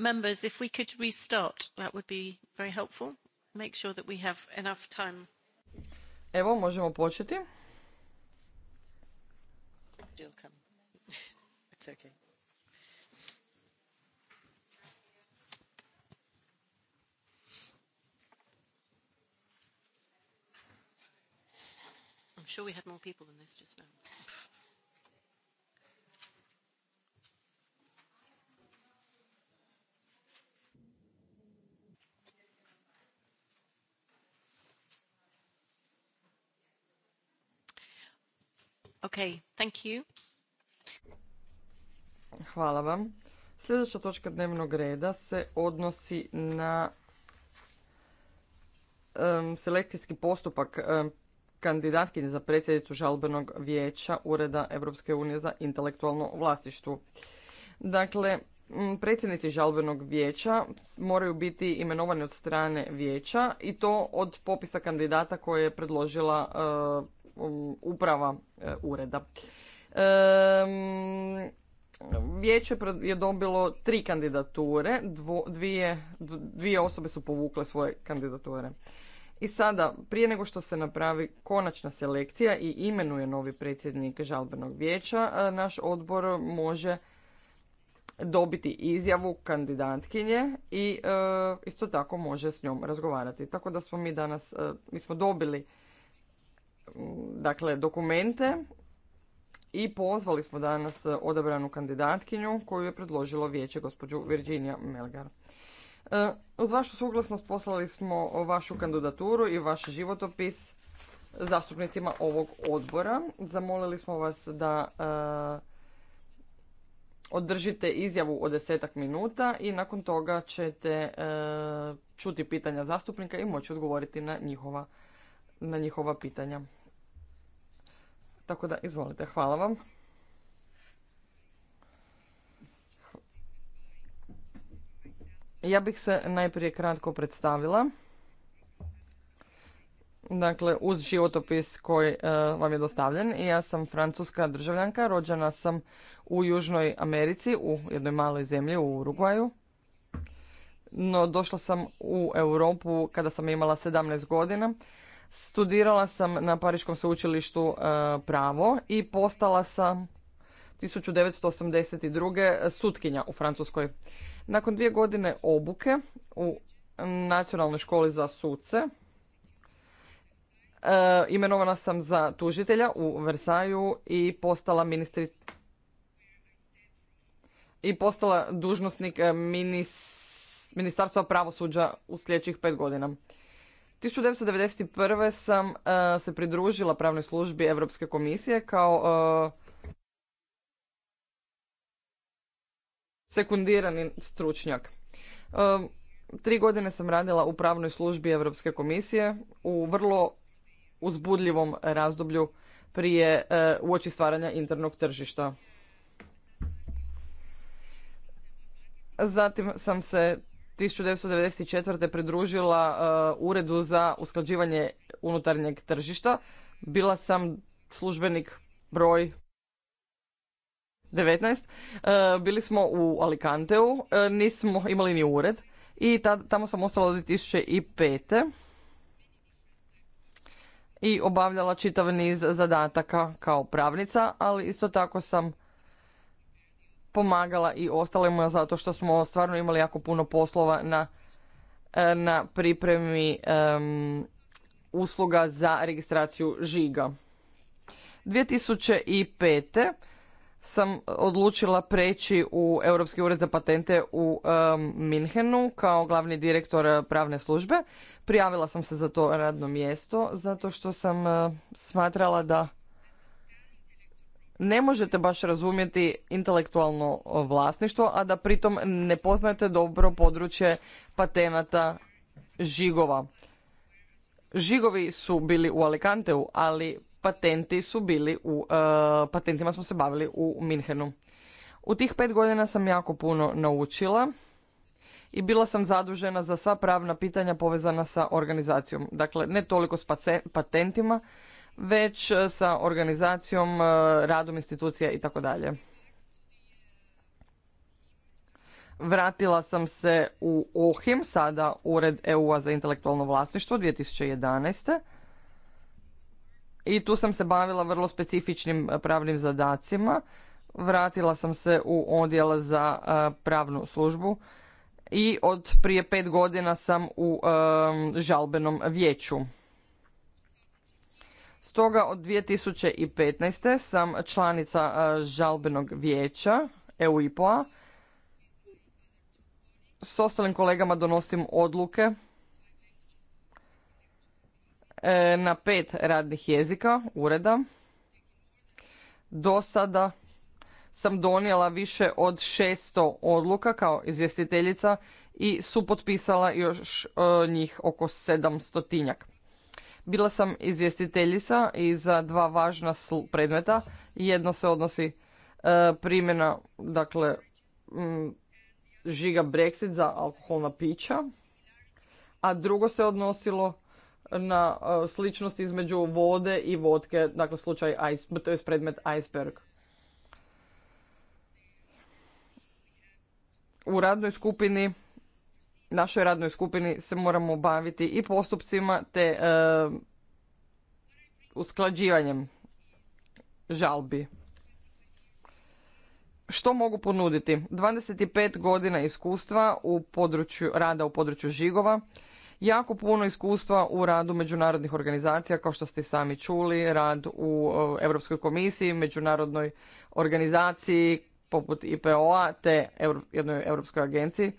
Members, if we could restart, that would be very helpful. Make sure that we have enough time. Evo, možemo početi. It's okay. I'm sure we had more people than this just now. Hvala vam. Sljedeća točka dnevnog reda se odnosi na selekcijski postupak kandidatkinje za predsjednicu žalbenog vijeća Ureda Europske unije za intelektualno vlasništvo. Dakle, predsjednici žalbenog vijeća moraju biti imenovani od strane vijeća i to od popisa kandidata koje je predložila uprava e, ureda. Vijeće je dobilo tri kandidature, dvije, dvije osobe su povukle svoje kandidature. I sada, prije nego što se napravi konačna selekcija i imenuje novi predsjednik žalbenog vijeća, e, naš odbor može dobiti izjavu kandidatkinje i e, isto tako može s njom razgovarati. Tako da smo mi danas, mi smo dobili dakle dokumente i pozvali smo danas odabranu kandidatkinju koju je predložilo vijeće gospođu Virginia Melgar. E, uz vašu suglasnost poslali smo vašu kandidaturu i vaš životopis zastupnicima ovog odbora. Zamolili smo vas da e, održite izjavu od desetak minuta i nakon toga ćete e, čuti pitanja zastupnika i moći odgovoriti na njihova, na njihova pitanja. Tako da, izvolite, hvala vam. Ja bih se najprije kratko predstavila. Dakle, uz životopis koji e, vam je dostavljen. Ja sam francuska državljanka, rođena sam u Južnoj Americi, u jednoj maloj zemlji, u Urugvaju. No, došla sam u Europu kada sam imala 17 godina Studirala sam na Pariškom sveučilištu e, pravo i postala sam 1982. sutkinja u Francuskoj. Nakon dvije godine obuke u Nacionalnoj školi za suce e, imenovana sam za tužitelja u Versaju i postala ministri i postala dužnosnik e, ministarstva pravosuđa u sljedećih pet godina. 1991. sam e, se pridružila pravnoj službi Europske komisije kao uh, sekundirani stručnjak. E, tri godine sam radila u pravnoj službi Europske komisije u vrlo uzbudljivom razdoblju prije uoči stvaranja internog tržišta. Zatim sam se 1994. pridružila uh, Uredu za usklađivanje unutarnjeg tržišta. Bila sam službenik broj 19. Uh, bili smo u Alicanteu, uh, nismo imali ni ured i tamo sam ostala od 2005. I obavljala čitav niz zadataka kao pravnica, ali isto tako sam pomagala i ostalima zato što smo stvarno imali jako puno poslova na, e, na pripremi usluga za registraciju žiga. 2005. sam odlučila preći u Europski ured za patente u um, Minhenu kao glavni direktor pravne službe. Prijavila sam se za to radno mjesto zato što sam e, smatrala da ne možete baš razumjeti intelektualno vlasništvo, a da pritom ne poznajete dobro područje patenata žigova. Žigovi su bili u Alicanteu, ali patenti su bili u, e, patentima smo se bavili u Minhenu. U tih pet godina sam jako puno naučila i bila sam zadužena za sva pravna pitanja povezana sa organizacijom. Dakle, ne toliko s patentima, već e, sa organizacijom, e, radom institucija i tako dalje. Vratila sam se u OHIM, sada Ured EU-a za intelektualno vlasništvo 2011. I tu sam se bavila vrlo specifičnim e, pravnim zadacima. Vratila sam se u odjel za pravnu službu i od prije pet godina sam u žalbenom vijeću. Stoga od 2015. sam članica žalbenog vijeća EUIPO-a. S ostalim kolegama donosim odluke e, na pet radnih jezika ureda. Do sada sam donijela više od 600 odluka kao izvjestiteljica i supotpisala još e, njih oko 700 tinjak. Bila sam izvjestiteljica i za dva važna predmeta. Jedno se odnosi e, primjena, dakle, žiga Brexit za alkoholna pića, a drugo se odnosilo na e, sličnost između vode i vodke, dakle slučaj to je predmet iceberg. U radnoj skupini našoj radnoj skupini se moramo baviti i postupcima te e, usklađivanjem žalbi. Što mogu ponuditi? 25 godina iskustva u području rada u području žigova, jako puno iskustva u radu međunarodnih organizacija, kao što ste i sami čuli, rad u e, Europskoj komisiji, međunarodnoj organizaciji poput IPO-a te jednoj Europskoj agenciji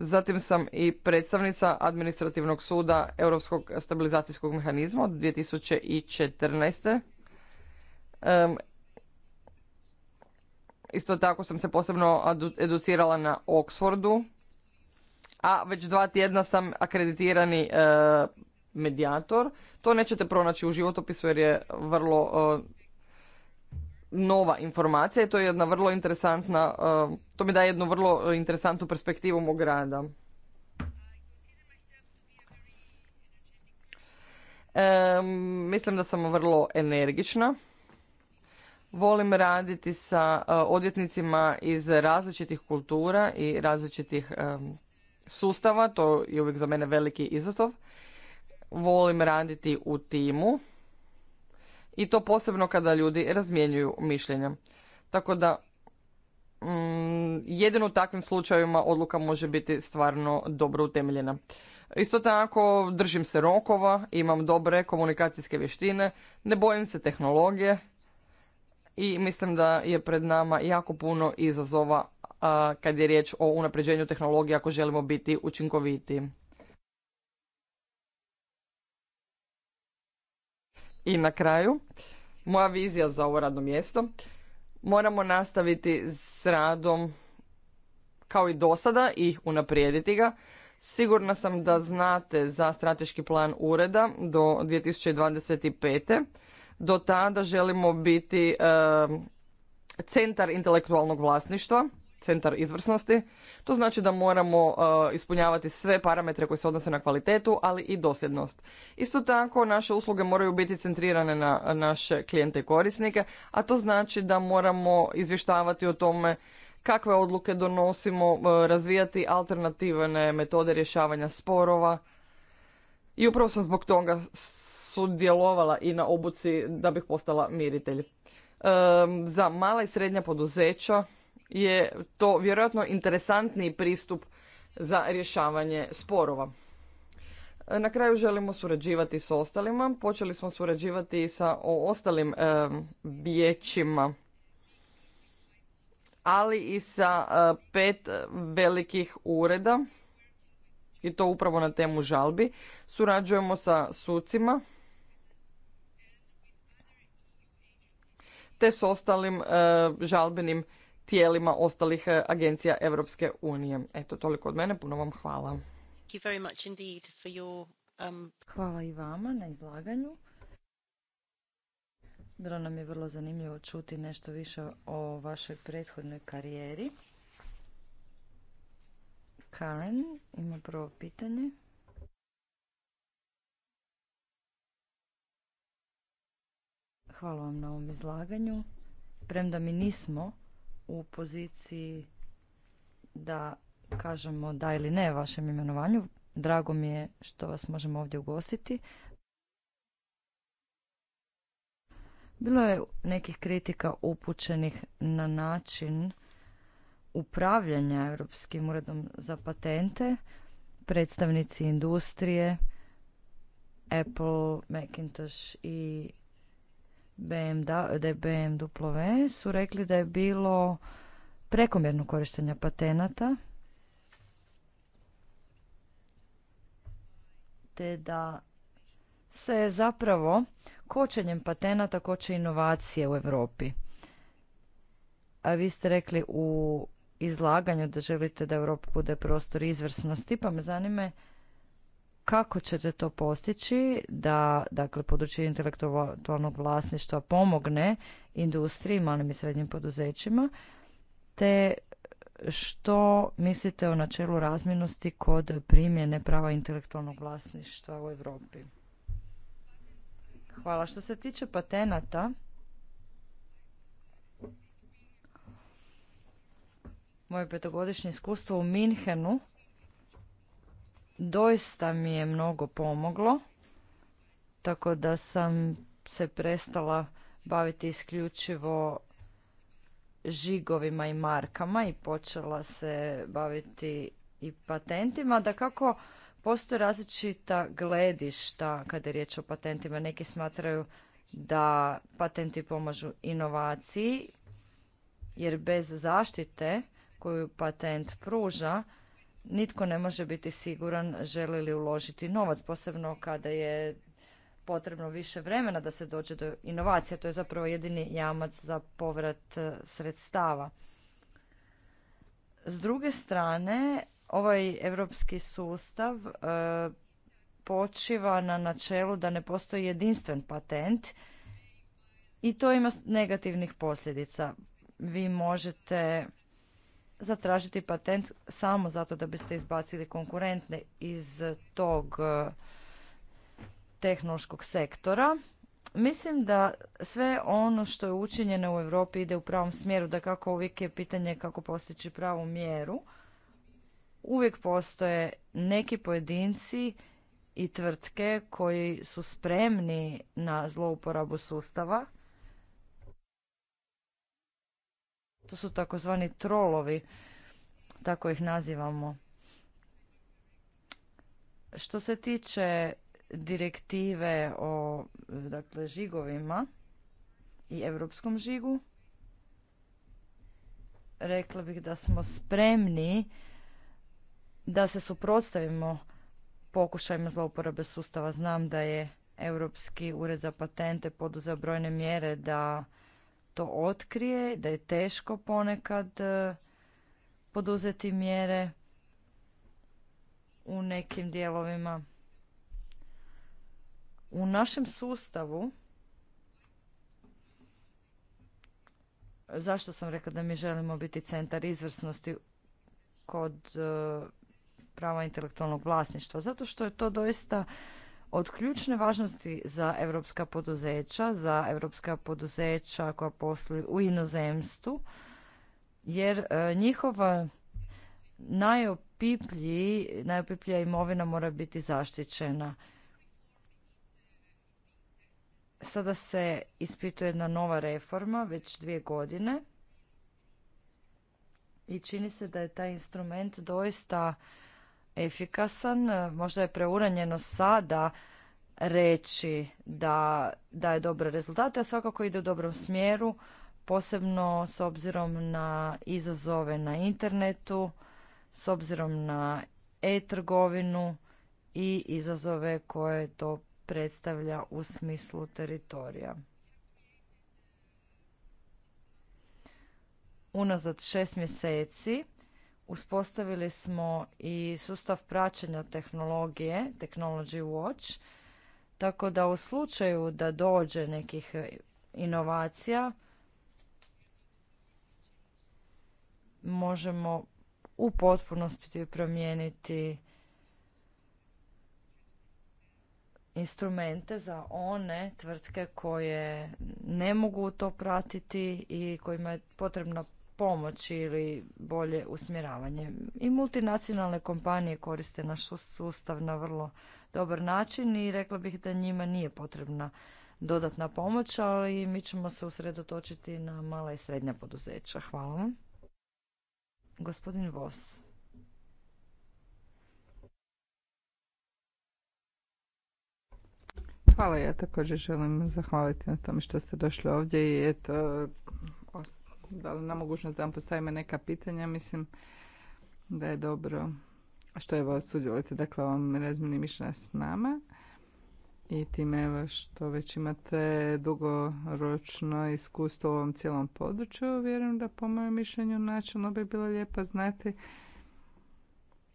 Zatim sam i predstavnica Administrativnog suda Europskog stabilizacijskog mehanizma od 2014. Um, isto tako sam se posebno educirala na Oxfordu, a već dva tjedna sam akreditirani e, medijator. To nećete pronaći u životopisu jer je vrlo e, nova informacija i to je jedna vrlo interesantna, eh, to mi daje jednu vrlo interesantnu perspektivu mog rada. mislim da sam vrlo energična. Volim raditi sa eh, odvjetnicima iz različitih kultura i različitih sustava, to je uvijek za mene veliki izazov. Volim raditi u timu i to posebno kada ljudi razmjenjuju mišljenja. Tako da mm, jedino u takvim slučajevima odluka može biti stvarno dobro utemeljena. Isto tako držim se rokova, imam dobre komunikacijske vještine, ne bojim se tehnologije i mislim da je pred nama jako puno izazova kad je riječ o unapređenju tehnologije ako želimo biti učinkovitiji. I na kraju, moja vizija za ovo radno mjesto. Moramo nastaviti s radom kao i do sada i unaprijediti ga. Sigurna sam da znate za strateški plan ureda do 2025. Do tada želimo biti eh, centar intelektualnog vlasništva centar izvrsnosti. To znači da moramo uh, ispunjavati sve parametre koji se odnose na kvalitetu, ali i dosljednost. Isto tako, naše usluge moraju biti centrirane na naše klijente i korisnike, a to znači da moramo izvještavati o tome kakve odluke donosimo, uh, razvijati alternativne metode rješavanja sporova. I upravo sam zbog toga sudjelovala i na obuci da bih postala miritelj. Um, za mala i srednja poduzeća je to vjerojatno interesantniji pristup za rješavanje sporova. Na kraju želimo surađivati s ostalima. Počeli smo surađivati sa ostalim e, vijećima, ali i sa e, pet velikih ureda i to upravo na temu žalbi. Surađujemo sa sucima te s ostalim e, žalbenim tijelima ostalih e, agencija Europske unije. Eto, toliko od mene, puno vam hvala. Um, hvala i vama na izlaganju. Bilo nam je vrlo zanimljivo čuti nešto više o vašoj prethodnoj karijeri. Karen ima prvo pitanje. Hvala vam na ovom izlaganju. Premda mi nismo u poziciji da kažemo da ili ne vašem imenovanju. Drago mi je što vas možemo ovdje ugostiti. Bilo je nekih kritika upućenih na način upravljanja Europskim uredom za patente, predstavnici industrije, Apple, Macintosh i BMW su rekli da je bilo prekomjerno korištenja patenata te da se zapravo kočenjem patenata koče inovacije u Europi. A vi ste rekli u izlaganju da želite da Europa bude prostor izvrsnosti, pa me zanime kako ćete to postići da dakle, područje intelektualnog vlasništva pomogne industriji, malim i srednjim poduzećima, te što mislite o načelu razmjernosti kod primjene prava intelektualnog vlasništva u Europi? Hvala. Što se tiče patenata, moje petogodišnje iskustvo u Minhenu doista mi je mnogo pomoglo, tako da sam se prestala baviti isključivo žigovima i markama i počela se baviti i patentima, da kako postoje različita gledišta kada je riječ o patentima. Neki smatraju da patenti pomažu inovaciji, jer bez zaštite koju patent pruža, nitko ne može biti siguran želi li uložiti novac, posebno kada je potrebno više vremena da se dođe do inovacija. To je zapravo jedini jamac za povrat e, sredstava. S druge strane, ovaj europski sustav e, počiva na načelu da ne postoji jedinstven patent i to ima negativnih posljedica. Vi možete zatražiti patent samo zato da biste izbacili konkurentne iz tog e, tehnološkog sektora. Mislim da sve ono što je učinjeno u Europi ide u pravom smjeru, da kako uvijek je pitanje kako postići pravu mjeru. Uvijek postoje neki pojedinci i tvrtke koji su spremni na zlouporabu sustava To su takozvani trolovi, tako ih nazivamo. Što se tiče direktive o dakle, žigovima i europskom žigu, rekla bih da smo spremni da se suprotstavimo pokušajima zlouporabe sustava. Znam da je Europski ured za patente poduzeo brojne mjere da to otkrije, da je teško ponekad e, poduzeti mjere u nekim dijelovima. U našem sustavu, zašto sam rekla da mi želimo biti centar izvrsnosti kod e, prava intelektualnog vlasništva? Zato što je to doista od ključne važnosti za europska poduzeća, za europska poduzeća koja posluju u inozemstvu, jer e, njihova najopiplji, najopiplja imovina mora biti zaštićena. Sada se ispituje jedna nova reforma, već dvije godine. I čini se da je taj instrument doista efikasan. E, možda je preuranjeno sada reći da daje dobre rezultate, a svakako ide u dobrom smjeru, posebno s obzirom na izazove na internetu, s obzirom na e-trgovinu i izazove koje to predstavlja u smislu teritorija. Unazad šest mjeseci uspostavili smo i sustav praćenja tehnologije, Technology Watch, tako da u slučaju da dođe nekih inovacija, možemo u potpunosti promijeniti instrumente za one tvrtke koje ne mogu to pratiti i kojima je potrebno pomoć ili bolje usmjeravanje. I multinacionalne kompanije koriste naš sustav na vrlo dobar način i rekla bih da njima nije potrebna dodatna pomoć, ali mi ćemo se usredotočiti na mala i srednja poduzeća. Hvala vam. Gospodin Vos. Hvala, ja također želim zahvaliti na tome što ste došli ovdje i eto, dali na mogućnost da vam postavimo neka pitanja. Mislim da je dobro što evo sudjelujete dakle vam razmini mišljenja s nama i time evo što već imate dugoročno iskustvo u ovom cijelom području, vjerujem da po mojem mišljenju načelno bi bilo lijepo znati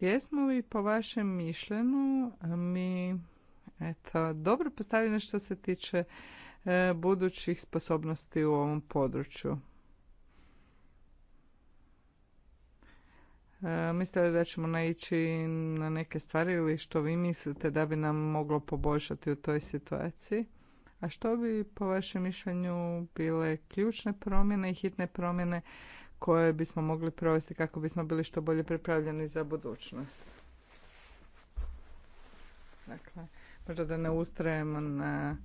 jesmo li po vašem mišljenju mi eto, dobro postavljeno što se tiče e, budućih sposobnosti u ovom području. E, mislite da ćemo naići na neke stvari ili što vi mislite da bi nam moglo poboljšati u toj situaciji? A što bi po vašem mišljenju bile ključne promjene i hitne promjene koje bismo mogli provesti kako bismo bili što bolje pripravljeni za budućnost? Dakle, možda da ne ustrajemo na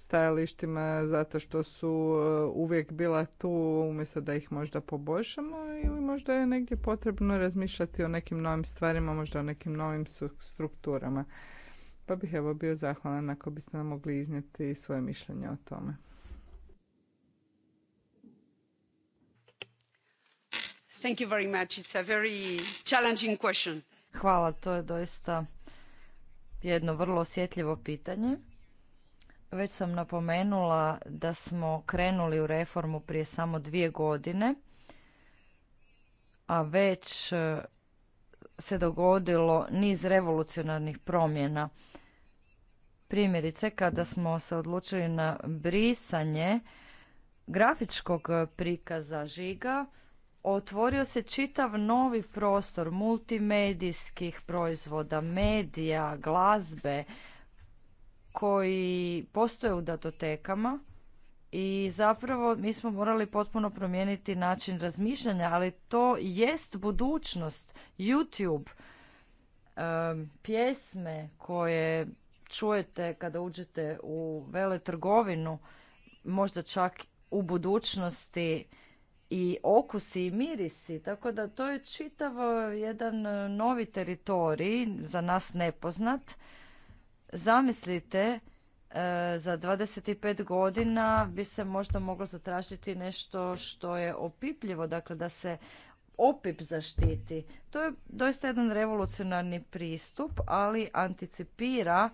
stajalištima zato što su e, uvijek bila tu umjesto da ih možda poboljšamo ili možda je negdje potrebno razmišljati o nekim novim stvarima, možda o nekim novim strukturama. Pa bih evo bio zahvalan ako biste nam mogli iznijeti svoje mišljenje o tome. Thank you very much. It's a very challenging question. Hvala, to je doista jedno vrlo osjetljivo pitanje. Već sam napomenula da smo krenuli u reformu prije samo dvije godine, a već e, se dogodilo niz revolucionarnih promjena. Primjerice, kada smo se odlučili na brisanje grafičkog prikaza žiga, otvorio se čitav novi prostor multimedijskih proizvoda, medija, glazbe, koji postoje u datotekama i zapravo mi smo morali potpuno promijeniti način razmišljanja, ali to jest budućnost. YouTube, pjesme koje čujete kada uđete u veletrgovinu, možda čak u budućnosti i okusi i mirisi, tako da to je čitav eh, jedan eh, novi teritorij, za nas nepoznat, Zamislite, e, za 25 godina bi se možda moglo zatražiti nešto što je opipljivo, dakle da se opip zaštiti. To je doista jedan revolucionarni pristup, ali anticipira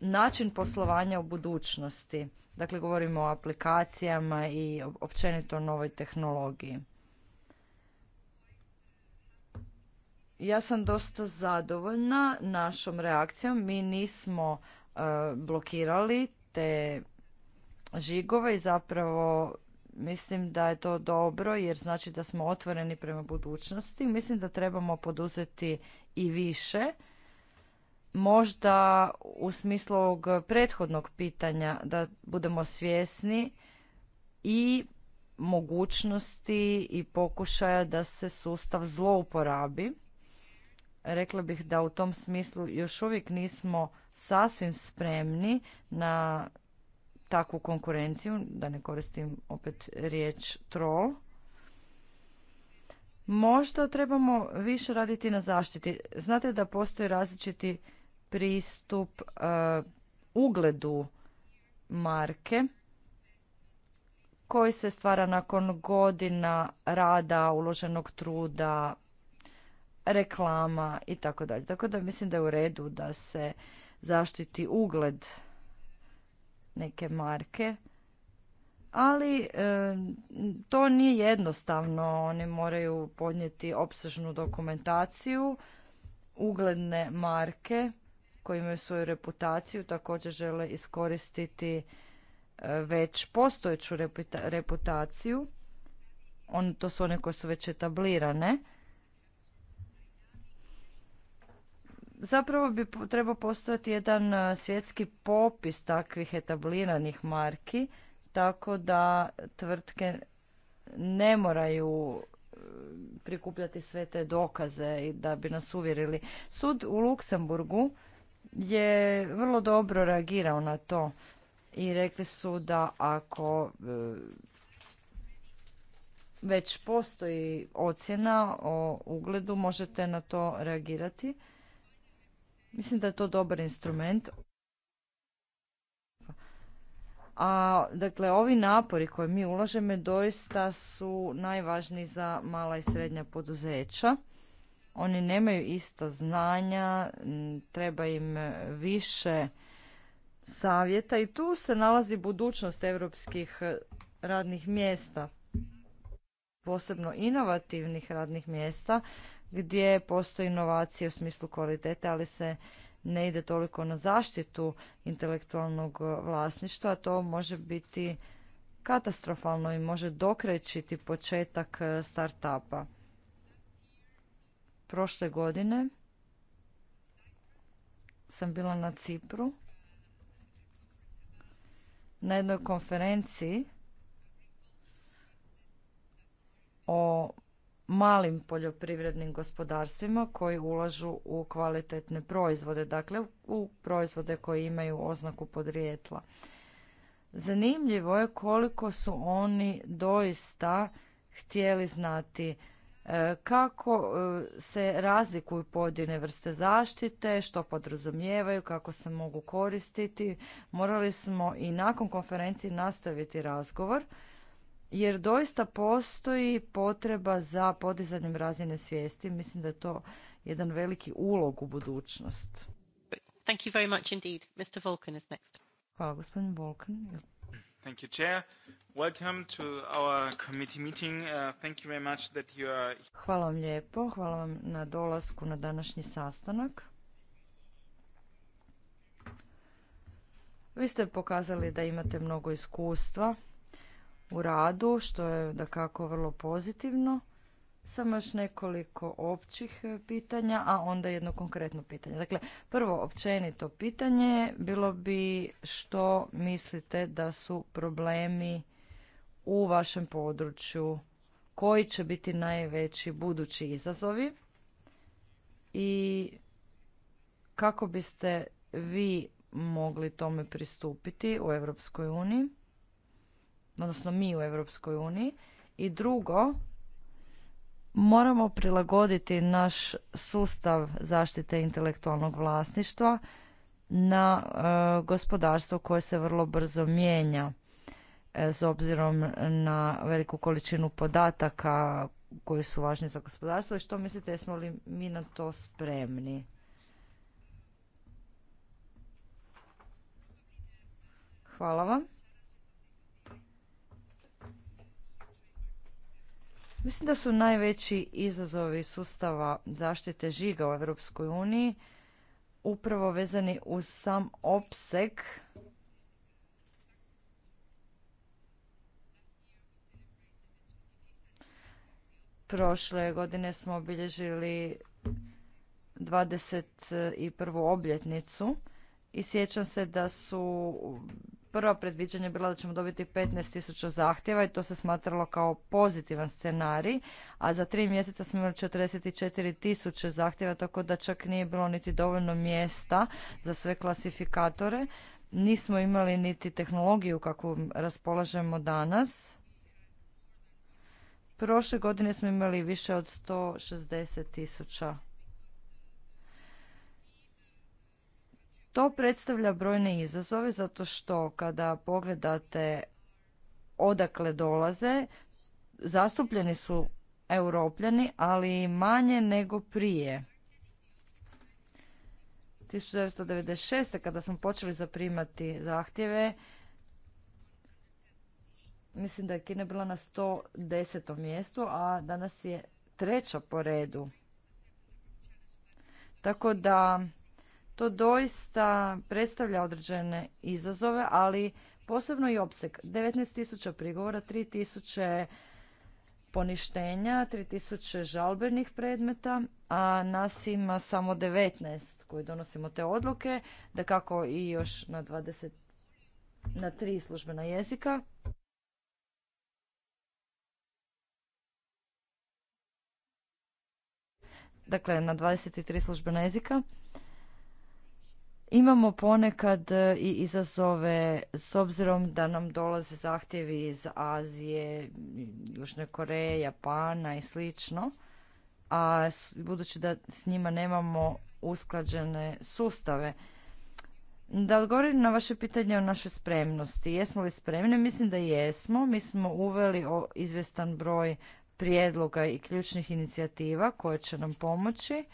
način poslovanja u budućnosti. Dakle, govorimo o aplikacijama i općenito o novoj tehnologiji. Ja sam dosta zadovoljna našom reakcijom. Mi nismo e, blokirali te žigove i zapravo mislim da je to dobro jer znači da smo otvoreni prema budućnosti. Mislim da trebamo poduzeti i više. Možda u smislu ovog prethodnog pitanja da budemo svjesni i mogućnosti i pokušaja da se sustav zlouporabi rekla bih da u tom smislu još uvijek nismo sasvim spremni na takvu konkurenciju, da ne koristim opet riječ troll. Možda trebamo više raditi na zaštiti. Znate da postoji različiti pristup e, ugledu marke koji se stvara nakon godina rada, uloženog truda, reklama i tako dalje. Tako da mislim da je u redu da se zaštiti ugled neke marke, ali e, to nije jednostavno. Oni moraju podnijeti opsežnu dokumentaciju, ugledne marke koje imaju svoju reputaciju također žele iskoristiti e, već postojeću reputaciju. On, to su one koje su već etablirane Zapravo bi trebao postojati jedan e, svjetski popis takvih etabliranih marki, tako da tvrtke ne moraju e, prikupljati sve te dokaze i da bi nas uvjerili. Sud u Luksemburgu je vrlo dobro reagirao na to i rekli su da ako e, već postoji ocjena o ugledu, možete na to reagirati. Mislim da je to dobar instrument. A, dakle, ovi napori koje mi ulažemo doista su najvažniji za mala i srednja poduzeća. Oni nemaju ista znanja, treba im više savjeta i tu se nalazi budućnost europskih radnih mjesta, posebno inovativnih radnih mjesta gdje postoji inovacije u smislu kvalitete, ali se ne ide toliko na zaštitu intelektualnog vlasništva, to može biti katastrofalno i može dokrećiti početak e, startupa. Prošle godine sam bila na Cipru na jednoj konferenciji o malim poljoprivrednim gospodarstvima koji ulažu u kvalitetne proizvode, dakle u proizvode koji imaju oznaku podrijetla. Zanimljivo je koliko su oni doista htjeli znati e, kako e, se razlikuju pojedine vrste zaštite, što podrazumijevaju, kako se mogu koristiti. Morali smo i nakon konferencije nastaviti razgovor jer doista postoji potreba za podizanjem razine svijesti. Mislim da je to jedan veliki ulog u budućnost. Thank you very much indeed. Mr. Vulcan is next. Hvala, gospodin Vulcan. Thank you, Chair. Welcome to our committee meeting. Uh, thank you very much that you are... Hvala vam lijepo. Hvala vam na dolasku na današnji sastanak. Vi ste pokazali da imate mnogo iskustva u radu, što je da kako vrlo pozitivno. Samo još nekoliko općih e, pitanja, a onda jedno konkretno pitanje. Dakle, prvo općenito pitanje bilo bi što mislite da su problemi u vašem području, koji će biti najveći budući izazovi i kako biste vi mogli tome pristupiti u Europskoj uniji odnosno mi u Europskoj uniji. I drugo, moramo prilagoditi naš sustav zaštite intelektualnog vlasništva na e, gospodarstvo koje se vrlo brzo mijenja e, s obzirom na veliku količinu podataka koji su važni za gospodarstvo i što mislite jesmo li mi na to spremni? Hvala vam. Mislim da su najveći izazovi sustava zaštite žiga u Europskoj uniji upravo vezani uz sam opseg Prošle godine smo obilježili 21. obljetnicu i sjećam se da su prva predviđanja bila da ćemo dobiti 15.000 zahtjeva i to se smatralo kao pozitivan scenarij, a za tri mjeseca smo imali 44.000 zahtjeva, tako da čak nije bilo niti dovoljno mjesta za sve klasifikatore. Nismo imali niti tehnologiju kakvu raspolažemo danas. Prošle godine smo imali više od 160.000 To predstavlja brojne izazove zato što kada pogledate odakle dolaze, zastupljeni su europljani, ali manje nego prije. 1996. kada smo počeli zaprimati zahtjeve, mislim da je Kina bila na 110. mjestu, a danas je treća po redu. Tako da to doista predstavlja određene izazove, ali posebno i opseg. 19.000 prigovora, 3.000 poništenja, 3000 žalbenih predmeta, a nas ima samo 19 koji donosimo te odluke, da kako i još na 20 na tri službena jezika. Dakle, na 23 službena jezika. Imamo ponekad e, i izazove s obzirom da nam dolaze zahtjevi iz Azije, Južne Koreje, Japana i slično, a budući da s njima nemamo usklađene sustave. Da odgovorim na vaše pitanje o našoj spremnosti. Jesmo li spremni? Mislim da jesmo. Mi smo uveli o izvjestan broj prijedloga i ključnih inicijativa koje će nam pomoći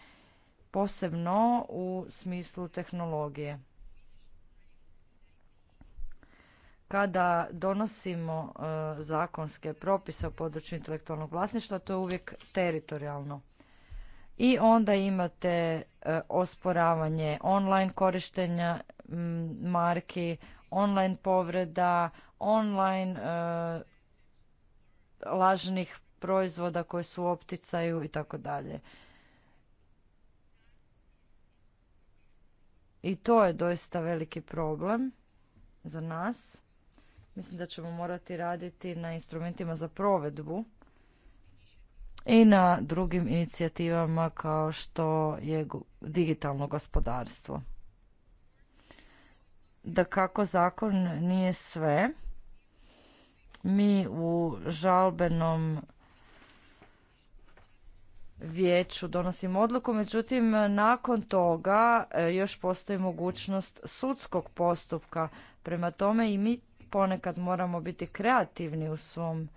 posebno u smislu tehnologije. Kada donosimo e, zakonske propise o području intelektualnog vlasništva, to je uvijek teritorijalno. I onda imate e, osporavanje online korištenja marki, online povreda, online e, lažnih proizvoda koji su opticaju i tako dalje. I to je doista veliki problem za nas. Mislim da ćemo morati raditi na instrumentima za provedbu i na drugim inicijativama kao što je digitalno gospodarstvo. Da kako zakon nije sve, mi u žalbenom vijeću donosimo odluku, međutim nakon toga e, još postoji mogućnost sudskog postupka. Prema tome i mi ponekad moramo biti kreativni u svom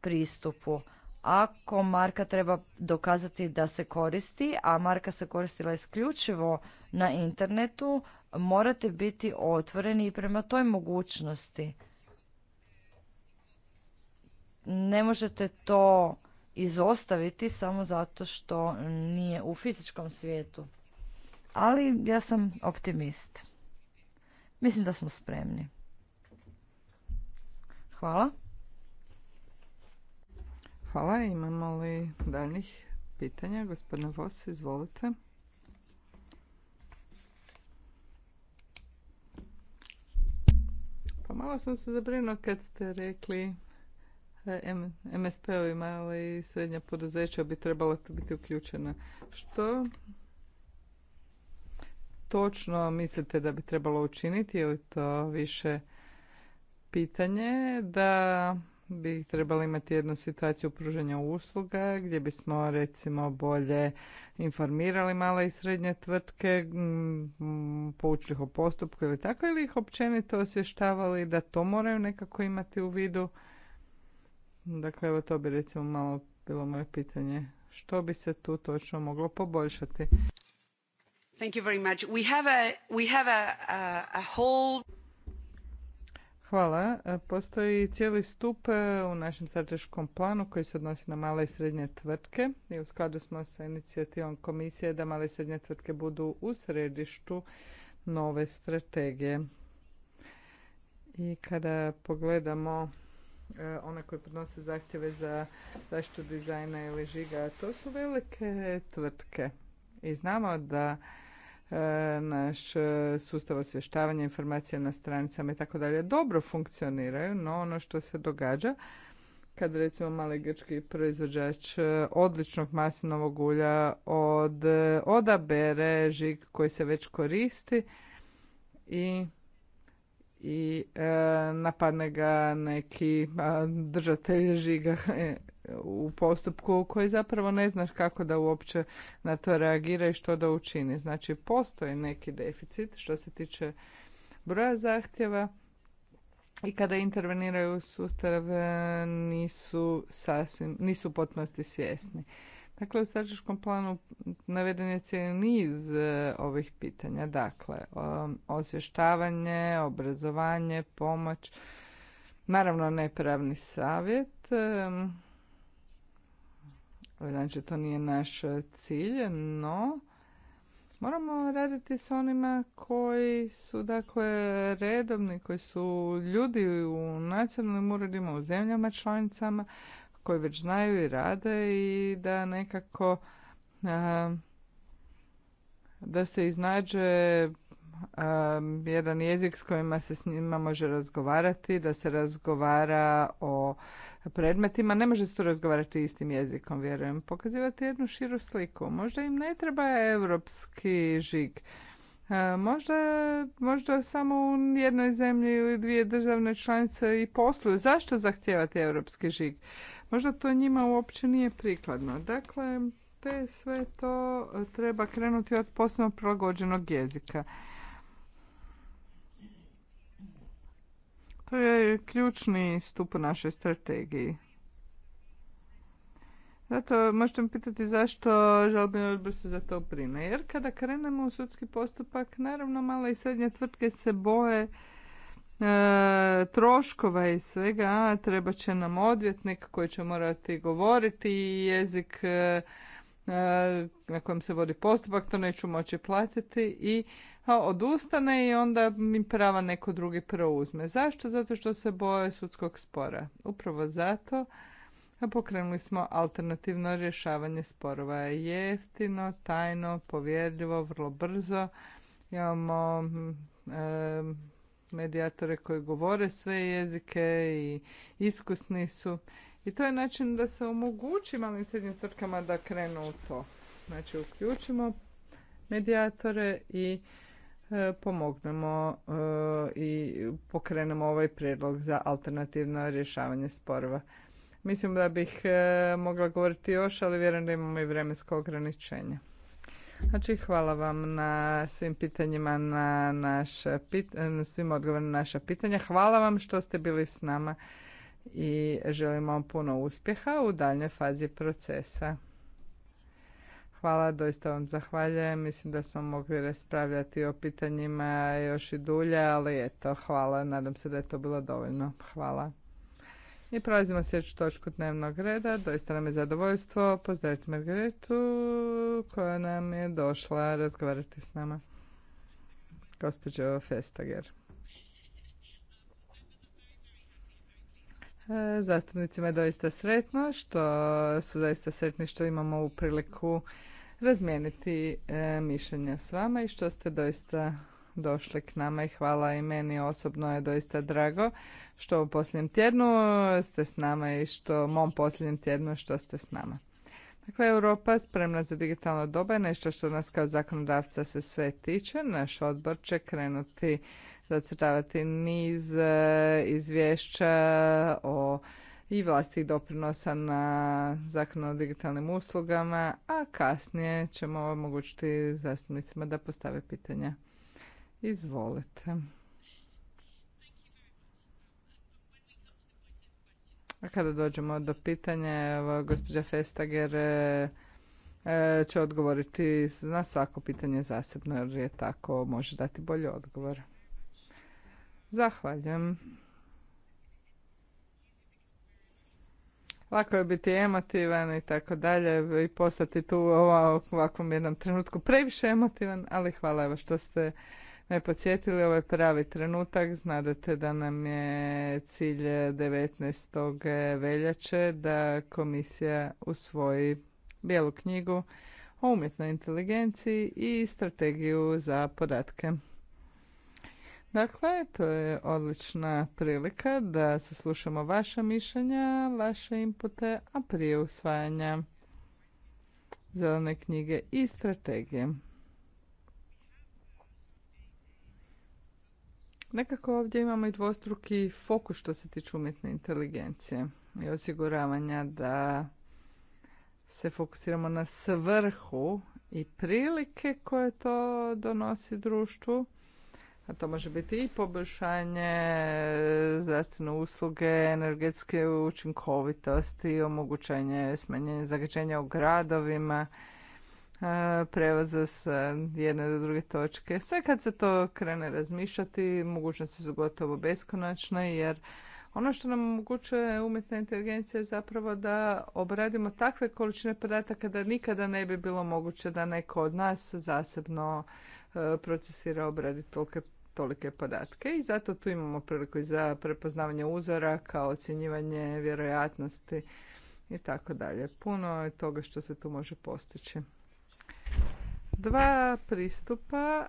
pristupu. Ako marka treba dokazati da se koristi, a marka se koristila isključivo na internetu, morate biti otvoreni i prema toj mogućnosti. Ne možete to izostaviti samo zato što nije u fizičkom svijetu. Ali ja sam optimist. Mislim da smo spremni. Hvala. Hvala. Imamo li daljnjih pitanja? Gospodine Vos, izvolite. Pa malo sam se zabrinuo kad ste rekli MSP-ovima, ali i srednja poduzeća bi trebala biti uključena. Što točno mislite da bi trebalo učiniti ili to više pitanje da bi trebali imati jednu situaciju pružanja usluga gdje bismo recimo bolje informirali male i srednje tvrtke, poučili ih o postupku ili tako ili ih općenito osvještavali da to moraju nekako imati u vidu Dakle, evo to bi recimo malo bilo moje pitanje. Što bi se tu točno moglo poboljšati? Hvala. Postoji cijeli stup e, u našem strateškom planu koji se odnosi na male i srednje tvrtke i u skladu smo sa inicijativom komisije da male i srednje tvrtke budu u središtu nove strategije. I kada pogledamo E, one koje podnose zahtjeve za zaštitu dizajna ili žiga. To su velike tvrtke i znamo da e, naš sustav osvještavanja informacija na stranicama i tako dalje dobro funkcioniraju, no ono što se događa kad recimo mali grčki proizvođač e, odličnog maslinovog ulja od, odabere žig koji se već koristi i i e, napadne ga neki a, držatelj žiga e, u postupku koji zapravo ne znaš kako da uopće na to reagira i što da učini. Znači postoji neki deficit što se tiče broja zahtjeva i kada interveniraju u sustave nisu sasvim, nisu potpunosti svjesni. Dakle, u strateškom planu naveden je cijeli niz e, ovih pitanja. Dakle, osvještavanje, obrazovanje, pomoć, naravno nepravni savjet. E, znači, to nije naš cilj, no moramo raditi s onima koji su, dakle, redovni, koji su ljudi u nacionalnim uredima, u zemljama članicama, koji već znaju i rade i da nekako da se iznađe jedan jezik s kojima se s njima može razgovarati, da se razgovara o predmetima. Ne može se tu razgovarati istim jezikom, vjerujem. Pokazivati jednu širu sliku. Možda im ne treba europski žig. E, možda, možda samo u jednoj zemlji ili dvije državne članice i posluju. Zašto zahtijevati europski žig? Možda to njima uopće nije prikladno. Dakle, te sve to treba krenuti od posebno prilagođenog jezika. To je ključni stup u našoj strategiji. Zato možete me pitati zašto žalbeni odbor se za to brine. Jer kada krenemo u sudski postupak, naravno male i srednje tvrtke se boje e, troškova i svega, treba će nam odvjetnik koji će morati govoriti i jezik e, e, na kojem se vodi postupak, to neću moći platiti i a, odustane i onda mi prava neko drugi preuzme. Zašto? Zato što se boje sudskog spora. Upravo zato Pokrenuli smo alternativno rješavanje sporova. Jeftino, tajno, povjerljivo, vrlo brzo. Imamo e, medijatore koji govore sve jezike i iskusni su. I to je način da se omogući malim srednjim tvrtkama da krenu u to. Znači uključimo medijatore i e, pomognemo e, i pokrenemo ovaj prijedlog za alternativno rješavanje sporova. Mislim da bih e, mogla govoriti još, ali vjerujem da imamo i vremensko ograničenje. Znači, hvala vam na svim pitanjima, na, na svim odgovorima na naša pitanja. Hvala vam što ste bili s nama i želimo vam puno uspjeha u daljnjoj fazi procesa. Hvala, doista vam zahvaljujem. Mislim da smo mogli raspravljati o pitanjima još i dulje, ali eto, hvala. Nadam se da je to bilo dovoljno. Hvala. I prelazimo sljedeću točku dnevnog reda. Doista nam je zadovoljstvo pozdraviti Margaretu koja nam je došla razgovarati s nama. Gospođo Festager. E, zastupnicima je doista sretno što su zaista sretni što imamo u priliku razmijeniti e, mišljenja s vama i što ste doista došli k nama i hvala i meni osobno je doista drago što u posljednjem tjednu ste s nama i što mom posljednjem tjednu što ste s nama. Dakle, Europa spremna za digitalno doba je nešto što nas kao zakonodavca se sve tiče. Naš odbor će krenuti zacrtavati niz e, izvješća o i vlastih doprinosa na zakon o digitalnim uslugama, a kasnije ćemo omogućiti zastupnicima da postave pitanja. Izvolite. A kada dođemo do pitanja, gospođa Festager e, e, će odgovoriti na svako pitanje zasebno, jer je tako može dati bolji odgovor. Zahvaljujem. Lako je biti emotivan i tako dalje i postati tu u ovakvom jednom trenutku previše emotivan, ali hvala evo što ste me podsjetili, ovaj pravi trenutak. Znadete da nam je cilj 19. veljače da komisija usvoji bijelu knjigu o umjetnoj inteligenciji i strategiju za podatke. Dakle, to je odlična prilika da saslušamo vaša mišljenja, vaše impute, a prije usvajanja zelene knjige i strategije. Nekako ovdje imamo i dvostruki fokus što se tiče umjetne inteligencije i osiguravanja da se fokusiramo na svrhu i prilike koje to donosi društvu. A to može biti i poboljšanje zdravstvene usluge, energetske učinkovitosti, omogućanje smanjenja zagađenja u gradovima prevoze sa jedne do druge točke. Sve kad se to krene razmišljati, mogućnosti su gotovo beskonačne jer ono što nam omogućuje umjetna inteligencija je zapravo da obradimo takve količine podataka da nikada ne bi bilo moguće da neko od nas zasebno e, procesira obradi tolike, podatke i zato tu imamo priliku i za prepoznavanje uzora kao ocjenjivanje vjerojatnosti i tako dalje. Puno je toga što se tu može postići. Dva pristupa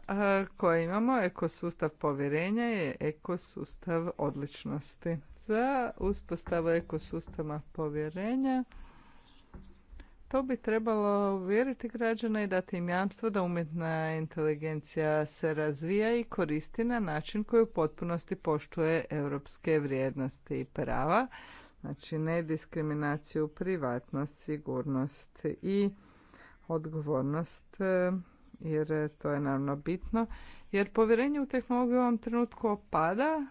koje imamo, ekosustav povjerenja je ekosustav odličnosti. Za uspostavu ekosustava povjerenja to bi trebalo uvjeriti građana i dati im jamstvo da umjetna inteligencija se razvija i koristi na način koji u potpunosti poštuje europske vrijednosti i prava, znači nediskriminaciju, privatnost, sigurnost i odgovornost e, jer to je naravno bitno. Jer povjerenje u tehnologiju u ovom trenutku opada,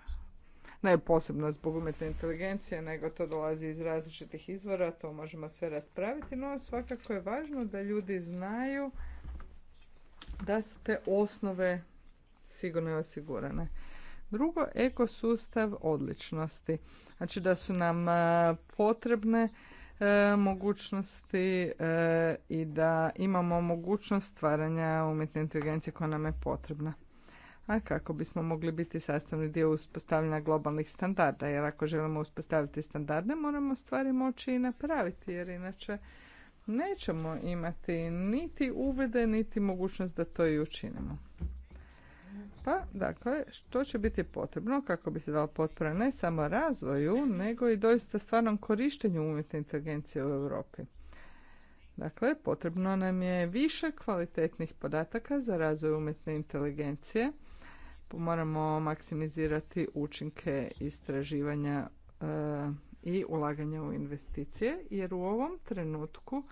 ne posebno zbog umjetne inteligencije, nego to dolazi iz različitih izvora, to možemo sve raspraviti, no svakako je važno da ljudi znaju da su te osnove sigurno i osigurane. Drugo, ekosustav odličnosti. Znači da su nam e, potrebne E, mogućnosti e, i da imamo mogućnost stvaranja umjetne inteligencije koja nam je potrebna a kako bismo mogli biti sastavni dio uspostavljanja globalnih standarda. Jer ako želimo uspostaviti standarde, moramo stvari moći i napraviti, jer inače nećemo imati niti uvede, niti mogućnost da to i učinimo. Pa, dakle, što će biti potrebno kako bi se dala potpora ne samo razvoju, nego i doista stvarnom korištenju umjetne inteligencije u Europi. Dakle, potrebno nam je više kvalitetnih podataka za razvoj umjetne inteligencije. Moramo maksimizirati učinke istraživanja e, i ulaganja u investicije, jer u ovom trenutku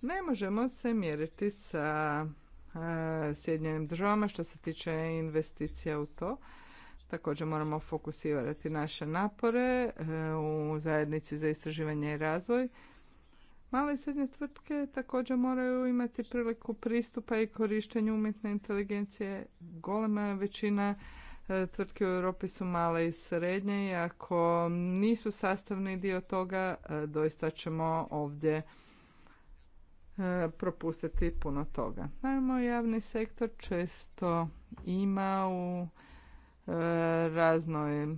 ne možemo se mjeriti sa E, Sjedinjenim državama što se tiče investicija u to. Također moramo fokusirati naše napore e, u zajednici za istraživanje i razvoj. Male i srednje tvrtke također moraju imati priliku pristupa i korištenju umjetne inteligencije. Golema većina e, tvrtke u Europi su male i srednje i ako nisu sastavni dio toga, doista ćemo ovdje E, propustiti puno toga. Naravno, javni sektor često ima u e, raznoj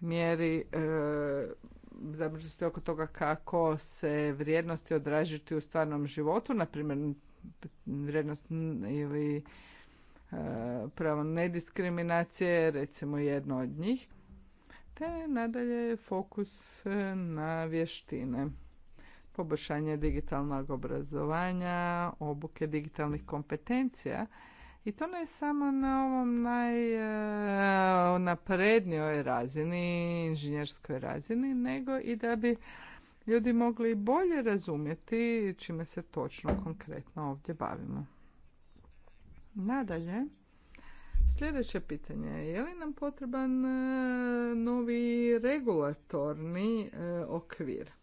mjeri e, zabržnosti oko toga kako se vrijednosti odražiti u stvarnom životu, na primjer vrijednost ili pravo nediskriminacije, recimo jedno od njih, te nadalje fokus na vještine poboljšanje digitalnog obrazovanja, obuke digitalnih kompetencija. I to ne samo na ovom najnaprednijoj eh, razini, inženjerskoj razini, nego i da bi ljudi mogli bolje razumjeti čime se točno konkretno ovdje bavimo. Nadalje, sljedeće pitanje je je li nam potreban eh, novi regulatorni eh, okvir?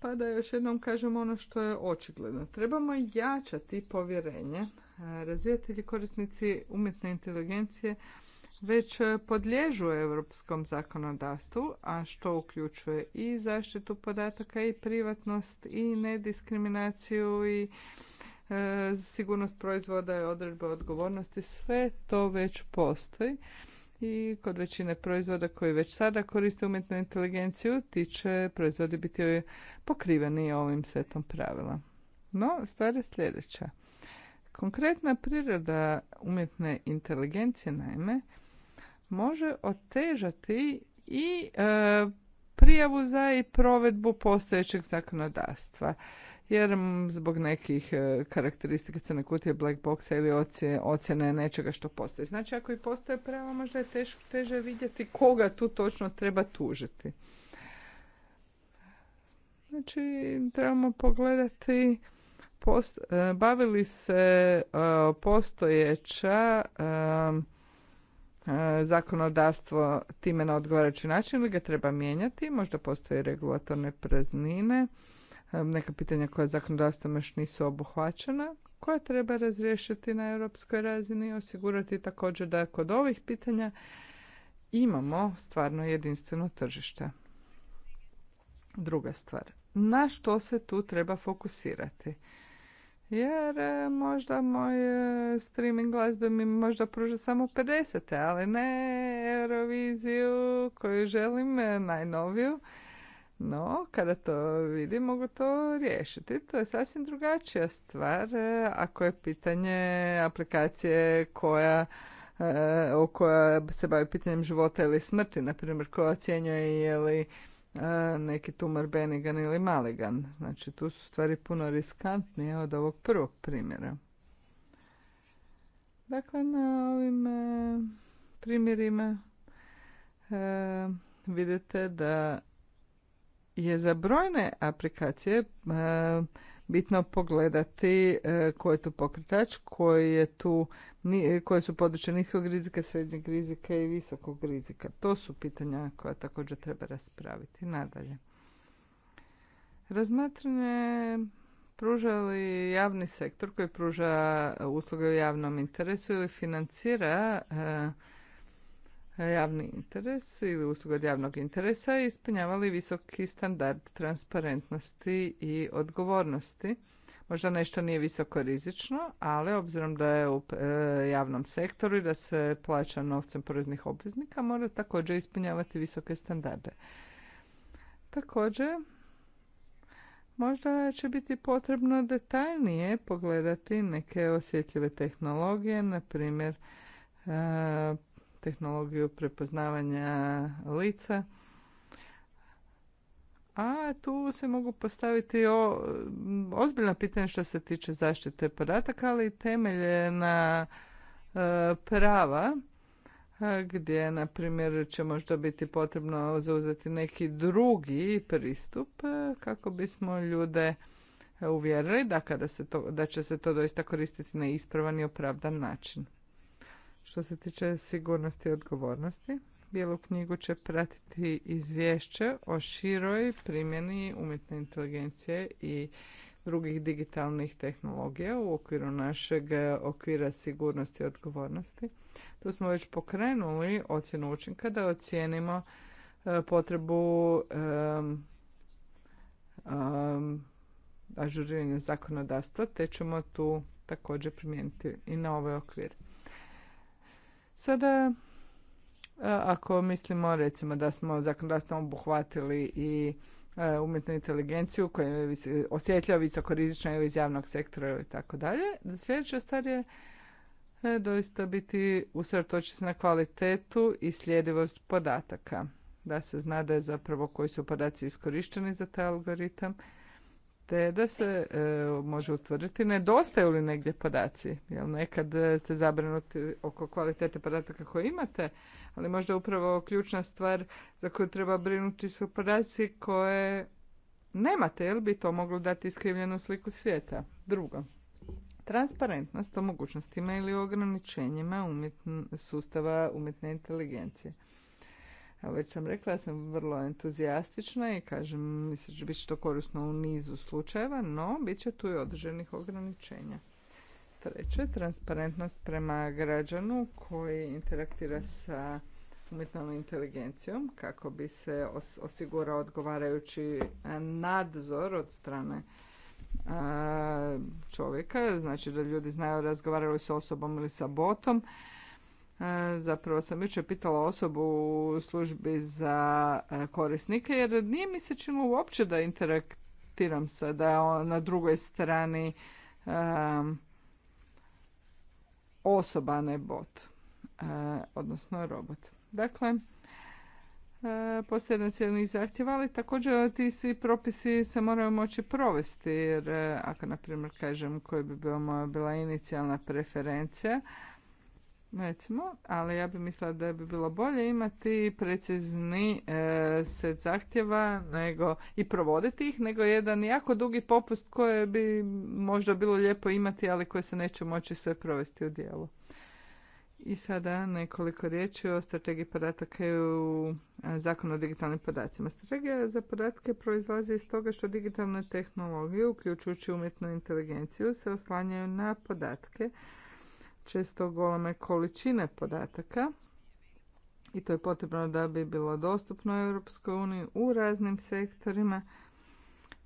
Pa da još jednom kažem ono što je očigledno. Trebamo jačati povjerenje. Razvijatelji korisnici umjetne inteligencije već podliježu europskom zakonodavstvu, a što uključuje i zaštitu podataka i privatnost i nediskriminaciju i e, sigurnost proizvoda i odredbe odgovornosti. Sve to već postoji i kod većine proizvoda koji već sada koriste umjetnu inteligenciju, ti će proizvodi biti pokriveni ovim setom pravila. No, stvar je sljedeća. Konkretna priroda umjetne inteligencije, naime, može otežati i e, prijavu za i provedbu postojećeg zakonodavstva jer zbog nekih e, karakteristika crne kutije, black boxa ili ocjene nečega što postoji. Znači ako i postoje prava možda je teško, teže vidjeti koga tu točno treba tužiti. Znači trebamo pogledati post, e, bavili se e, postojeća zakonodavstvo time na odgovarajući način ili ga treba mijenjati, možda postoje regulatorne praznine neka pitanja koja zakonodavstvom još nisu obuhvaćena, koja treba razriješiti na europskoj razini i osigurati također da kod ovih pitanja imamo stvarno jedinstveno tržište. Druga stvar, na što se tu treba fokusirati? Jer e, možda moj e, streaming glazbe mi možda pruža samo 50. ali ne Euroviziju koju želim, e, najnoviju. No, kada to vidi, mogu to riješiti. To je sasvim drugačija stvar e, ako je pitanje aplikacije koja e, o koja se bavi pitanjem života ili smrti, na primjer koja ocjenjuje je li e, neki tumor benigan ili maligan. Znači tu su stvari puno riskantnije od ovog prvog primjera. Dakle, na ovim primjerima vidite da je za brojne aplikacije e, bitno pogledati e, koji je tu pokretač, koji je tu, koje su područje niskog rizika, srednjeg rizika i visokog rizika. To su pitanja koja također treba raspraviti nadalje. Razmatranje pruža li javni sektor koji pruža usluge u javnom interesu ili financira e, javni interes ili usluga od javnog interesa i ispunjavali visoki standard transparentnosti i odgovornosti. Možda nešto nije visoko rizično, ali obzirom da je u e, javnom sektoru i da se plaća novcem poreznih obveznika, mora također ispunjavati visoke standarde. Također, možda će biti potrebno detaljnije pogledati neke osjetljive tehnologije, na primjer e, tehnologiju prepoznavanja lica. A tu se mogu postaviti ozbiljna pitanja što se tiče zaštite podataka, ali i temelje na e, prava e, gdje, na primjer, će možda biti potrebno zauzeti neki drugi pristup e, kako bismo ljude uvjerili da, kada se to, da će se to doista koristiti na ispravan i opravdan način. Što se tiče sigurnosti i odgovornosti, Bijelu knjigu će pratiti izvješće o široj primjeni umjetne inteligencije i drugih digitalnih tehnologija u okviru našeg okvira sigurnosti i odgovornosti. Tu smo već pokrenuli ocjenu učinka da ocijenimo e, potrebu e, e, ažuriranja zakonodavstva, te ćemo tu također primijeniti i na ovaj okvir. Sada, e, ako mislimo recimo da smo zakonodavstvom obuhvatili i e, umjetnu inteligenciju koja je osjetljiva, visokorizična ili iz javnog sektora ili tako dalje, sljedeća stvar je e, doista biti usredotočiti se na kvalitetu i sljedivost podataka. Da se zna da je zapravo koji su podaci iskorišteni za taj algoritam te da se e, može utvrditi nedostaju li negdje podaci. jel nekad e, ste zabrinuti oko kvalitete podataka koje imate, ali možda upravo ključna stvar za koju treba brinuti su podaci koje nemate, Jel bi to moglo dati iskrivljenu sliku svijeta. Drugo, transparentnost o mogućnostima ili ograničenjima sustava umjetne inteligencije. Evo već sam rekla, ja sam vrlo entuzijastična i kažem, mislim da će to korisno u nizu slučajeva, no bit će tu i određenih ograničenja. Treće, transparentnost prema građanu koji interaktira sa umjetnom inteligencijom kako bi se osigurao odgovarajući e, nadzor od strane čovjeka, znači da ljudi znaju razgovarali s osobom ili sa botom Zapravo sam jučer pitala osobu u službi za korisnike jer nije mi se činilo uopće da interaktiram sa, da je na drugoj strani osoba, ne bot, odnosno robot. Dakle, postoje nacionalnih zahtjeva, ali također ti svi propisi se moraju moći provesti, jer ako, na primjer, kažem, koja bi bila moja bila inicijalna preferencija, recimo, ali ja bih mislila da bi bilo bolje imati precizni e, set zahtjeva nego, i provoditi ih, nego jedan jako dugi popust koje bi možda bilo lijepo imati, ali koje se neće moći sve provesti u dijelu. I sada nekoliko riječi o strategiji podataka u e, zakonu o digitalnim podacima. Strategija za podatke proizlazi iz toga što digitalne tehnologije, uključujući umjetnu inteligenciju, se oslanjaju na podatke često goleme količine podataka i to je potrebno da bi bilo dostupno Europskoj uniji u raznim sektorima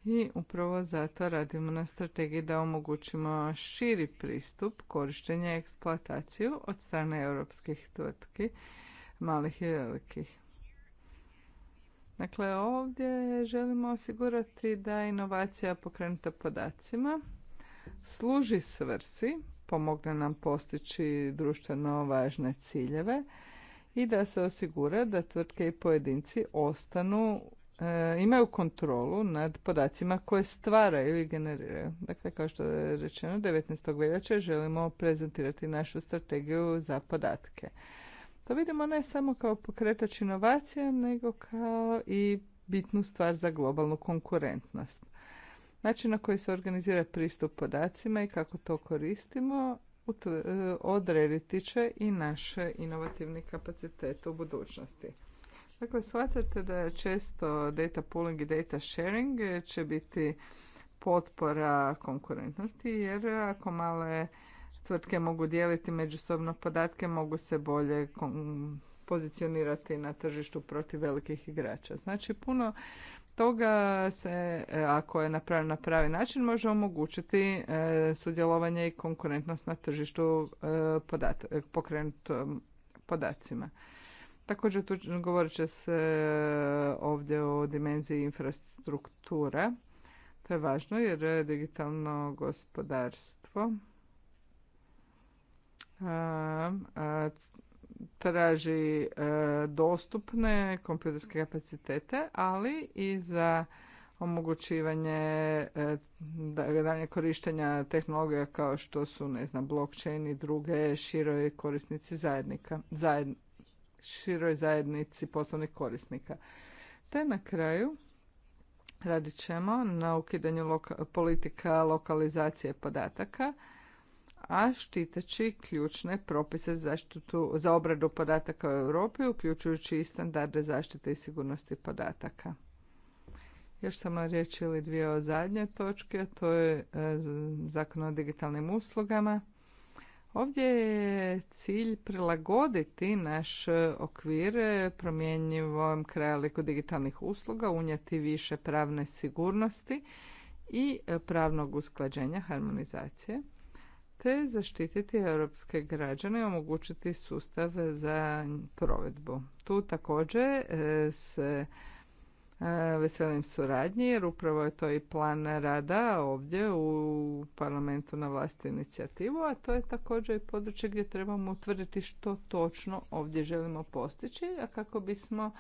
i upravo zato radimo na strategiji da omogućimo širi pristup korištenja i eksploataciju od strane europskih tvrtki, malih i velikih. Dakle, ovdje želimo osigurati da inovacija pokrenuta podacima služi svrsi pomogne nam postići društveno važne ciljeve i da se osigura da tvrtke i pojedinci ostanu e, imaju kontrolu nad podacima koje stvaraju i generiraju. Dakle, kao što je rečeno, 19. veljače želimo prezentirati našu strategiju za podatke. To vidimo ne samo kao pokretač inovacija, nego kao i bitnu stvar za globalnu konkurentnost. Način na koji se organizira pristup podacima i kako to koristimo e, odrediti će i naše inovativni kapacitet u budućnosti. Dakle, shvatate da često data pooling i data sharing će biti potpora konkurentnosti, jer ako male tvrtke mogu dijeliti međusobno podatke, mogu se bolje pozicionirati na tržištu protiv velikih igrača. Znači, puno toga se, e, ako je napravljeno na pravi način, može omogućiti e, sudjelovanje i konkurentnost na tržištu e, pokrenutom podacima. Također tu govorit će se ovdje o dimenziji infrastrukture, To je važno jer digitalno gospodarstvo traži e, dostupne kompjuterske kapacitete, ali i za omogućivanje e, daljnjeg korištenja tehnologija kao što su, ne znam, blockchain i druge široj korisnici zajednika, zajed, široj zajednici poslovnih korisnika. Te na kraju radit ćemo na ukidanju politika lokalizacije podataka a štiteći ključne propise za obradu podataka u Europi, uključujući i standarde zaštite i sigurnosti podataka. Još samo riječ ili dvije o zadnje točke, to je e, zakon o digitalnim uslugama. Ovdje je cilj prilagoditi naš okvir promjenjivom krajoliku digitalnih usluga, unijeti više pravne sigurnosti i pravnog usklađenja, harmonizacije te zaštititi europske građane i omogućiti sustav za provedbu. Tu također e, se e, veselim suradnji jer upravo je to i plan rada ovdje u parlamentu na vlastitu inicijativu, a to je također i područje gdje trebamo utvrditi što točno ovdje želimo postići, a kako bismo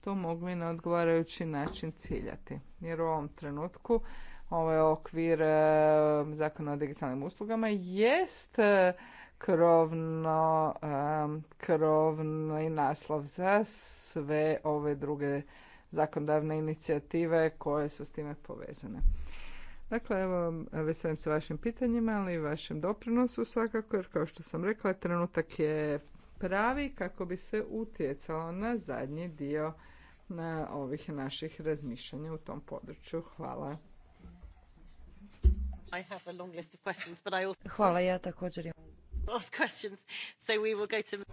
to mogli na odgovarajući način ciljati. Jer u ovom trenutku ovaj okvir e, zakona o digitalnim uslugama jest e, krovno, e, i naslov za sve ove druge zakonodavne inicijative koje su s time povezane. Dakle, evo, veselim se vašim pitanjima, ali i vašem doprinosu svakako, jer kao što sam rekla, trenutak je pravi kako bi se utjecalo na zadnji dio na ovih naših razmišljanja u tom području. Hvala. Hvala, ja također imam.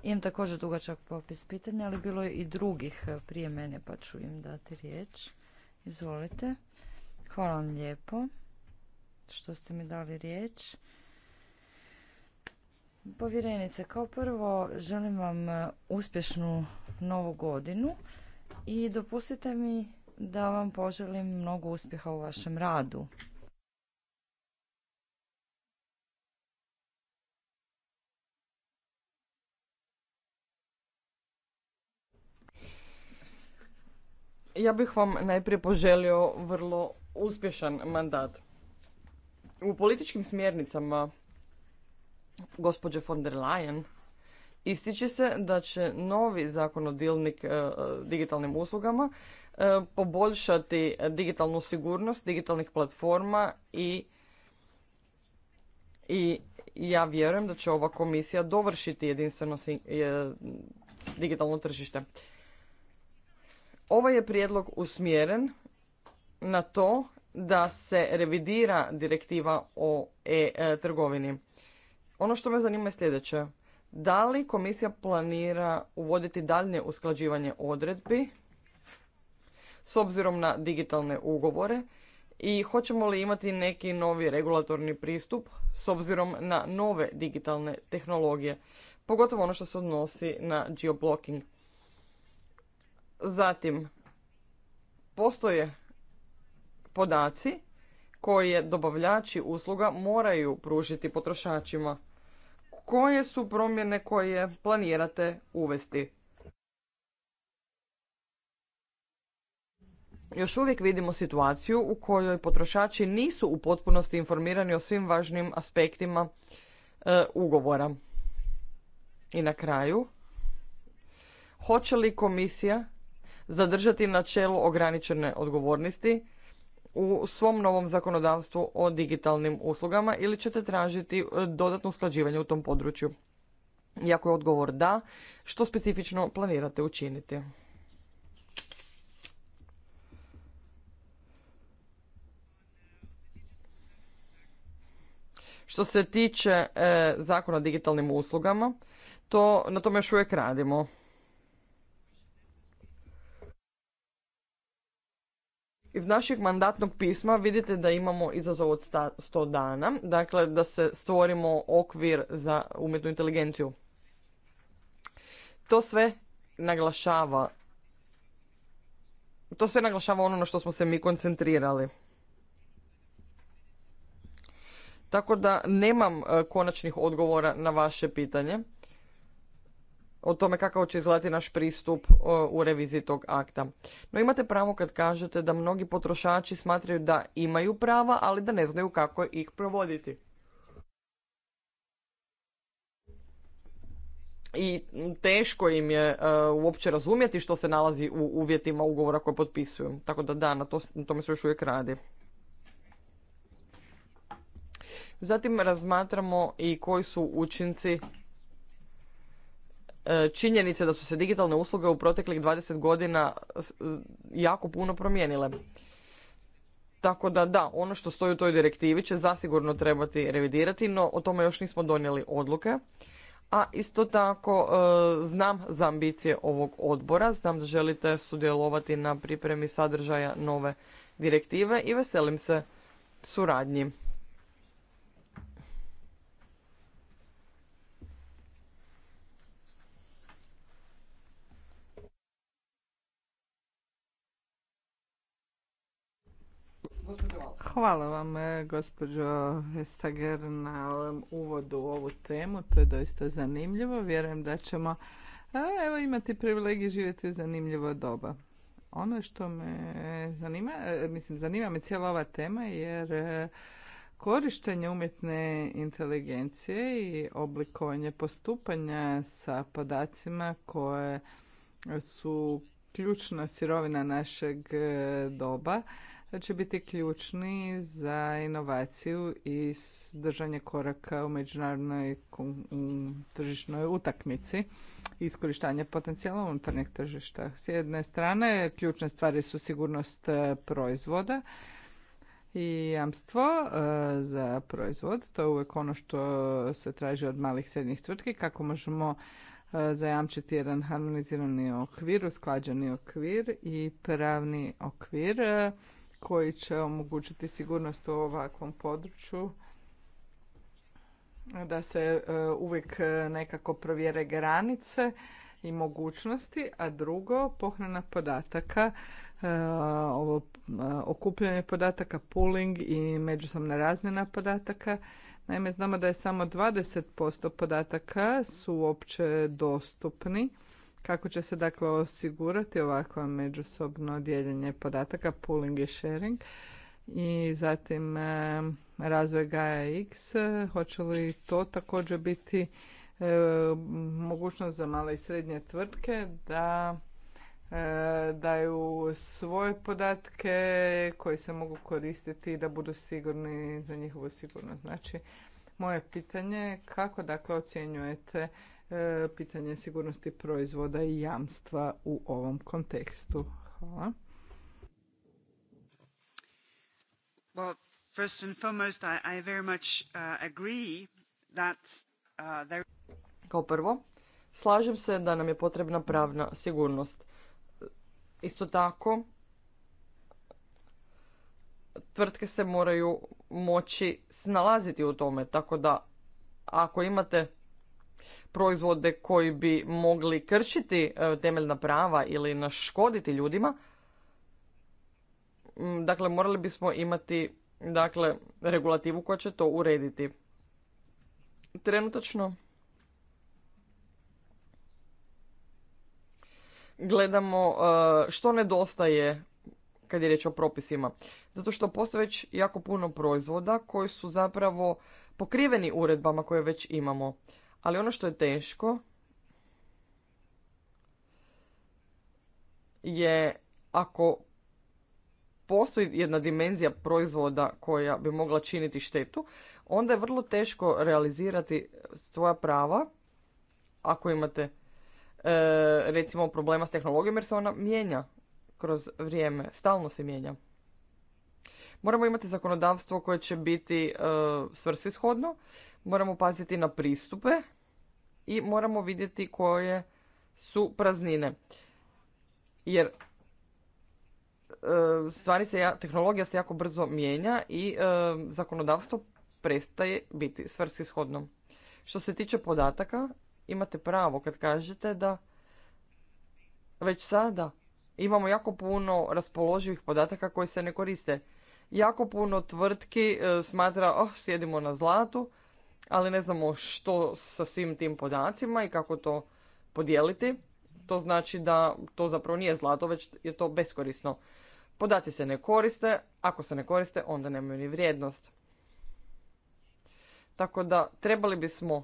Imam također dugačak popis pitanja, ali bilo je i drugih eh, prije mene, pa ću im dati riječ. Izvolite. Hvala vam lijepo što ste mi dali riječ. Povjerenice, kao prvo želim vam eh, uspješnu novu godinu i dopustite mi da vam poželim mnogo uspjeha u vašem radu. Ja bih vam najprije poželio vrlo uspješan mandat. U političkim smjernicama gospođe von der Leyen ističe se da će novi zakonodilnik e, digitalnim uslugama e, poboljšati digitalnu sigurnost digitalnih platforma i, i ja vjerujem da će ova komisija dovršiti jedinstveno digitalno tržište. Ovaj je prijedlog usmjeren na to da se revidira direktiva o e-trgovini. Ono što me zanima je sljedeće. Da li komisija planira uvoditi daljnje usklađivanje odredbi s obzirom na digitalne ugovore i hoćemo li imati neki novi regulatorni pristup s obzirom na nove digitalne tehnologije, pogotovo ono što se odnosi na geoblocking. Zatim, postoje podaci koje dobavljači usluga moraju pružiti potrošačima. Koje su promjene koje planirate uvesti? Još uvijek vidimo situaciju u kojoj potrošači nisu u potpunosti informirani o svim važnim aspektima e, ugovora. I na kraju, hoće li komisija zadržati načelo ograničene odgovornosti u svom novom zakonodavstvu o digitalnim uslugama ili ćete tražiti e, dodatno usklađivanje u tom području? Iako je odgovor da, što specifično planirate učiniti? Što se tiče e, zakona o digitalnim uslugama, to na tome još uvijek radimo. iz našeg mandatnog pisma vidite da imamo izazov od 100 dana, dakle da se stvorimo okvir za umjetnu inteligenciju. To sve naglašava to sve naglašava ono na što smo se mi koncentrirali. Tako da nemam e, konačnih odgovora na vaše pitanje o tome kako će izgledati naš pristup e, u reviziji tog akta. No imate pravo kad kažete da mnogi potrošači smatraju da imaju prava, ali da ne znaju kako ih provoditi. I teško im je e, uopće razumjeti što se nalazi u uvjetima ugovora koje potpisuju. Tako da da, na, to, na tome se još uvijek radi. Zatim razmatramo i koji su učinci E, činjenice da su se digitalne usluge u proteklih 20 godina e, jako puno promijenile. Tako da da, ono što stoji u toj direktivi će zasigurno trebati revidirati, no o tome još nismo donijeli odluke. A isto tako e, znam za ambicije ovog odbora, znam da želite sudjelovati na pripremi sadržaja nove direktive i veselim se suradnji. Hvala vam, e, gospođo Stager, na ovom uvodu u ovu temu. To je doista zanimljivo. Vjerujem da ćemo evo, imati privilegije živjeti u zanimljivo doba. Ono što me zanima, e, mislim, zanima me cijela ova tema jer e, korištenje umjetne inteligencije i oblikovanje postupanja sa podacima koje su ključna sirovina našeg doba će biti ključni za inovaciju i držanje koraka u međunarodnoj tržišnoj utakmici i iskorištanje potencijala unutarnjeg tržišta. S jedne strane, ključne stvari su sigurnost e, proizvoda i jamstvo e, za proizvod. To je uvijek ono što se traži od malih srednjih tvrtki, kako možemo e, zajamčiti jedan harmonizirani okvir, usklađeni okvir i pravni okvir koji će omogućiti sigurnost u ovakvom području da se e, uvijek nekako provjere granice i mogućnosti, a drugo pohrana podataka, e, ovo e, okupljanje podataka, pooling i međusobna razmjena podataka. Naime, znamo da je samo 20% podataka su uopće dostupni kako će se dakle osigurati ovako međusobno dijeljenje podataka, pooling i sharing? I zatim e, razvoj GAIA-X, hoće li to također biti e, mogućnost za male i srednje tvrtke da e, daju svoje podatke koji se mogu koristiti i da budu sigurni za njihovu sigurnost. Znači, moje pitanje je kako dakle ocjenjujete E, pitanje sigurnosti proizvoda i jamstva u ovom kontekstu. Hvala. first and foremost, I, very much uh, agree that uh, Kao prvo, slažem se da nam je potrebna pravna sigurnost. Isto tako, tvrtke se moraju moći snalaziti u tome, tako da ako imate proizvode koji bi mogli kršiti e, temeljna prava ili naškoditi ljudima, dakle morali bismo imati dakle regulativu koja će to urediti. Trenutačno gledamo e, što nedostaje kad je riječ o propisima. Zato što postoje već jako puno proizvoda koji su zapravo pokriveni uredbama koje već imamo. Ali ono što je teško je ako postoji jedna dimenzija proizvoda koja bi mogla činiti štetu, onda je vrlo teško realizirati svoja prava ako imate e, recimo problema s tehnologijom jer se ona mijenja kroz vrijeme, stalno se mijenja. Moramo imati zakonodavstvo koje će biti e, svrsishodno moramo paziti na pristupe i moramo vidjeti koje su praznine. Jer e, stvari se, tehnologija se jako brzo mijenja i e, zakonodavstvo prestaje biti svrsishodno. Što se tiče podataka, imate pravo kad kažete da već sada imamo jako puno raspoloživih podataka koji se ne koriste. Jako puno tvrtki e, smatra, oh, sjedimo na zlatu, ali ne znamo što sa svim tim podacima i kako to podijeliti. To znači da to zapravo nije zlato, već je to beskorisno. Podaci se ne koriste, ako se ne koriste onda nemaju ni vrijednost. Tako da trebali bismo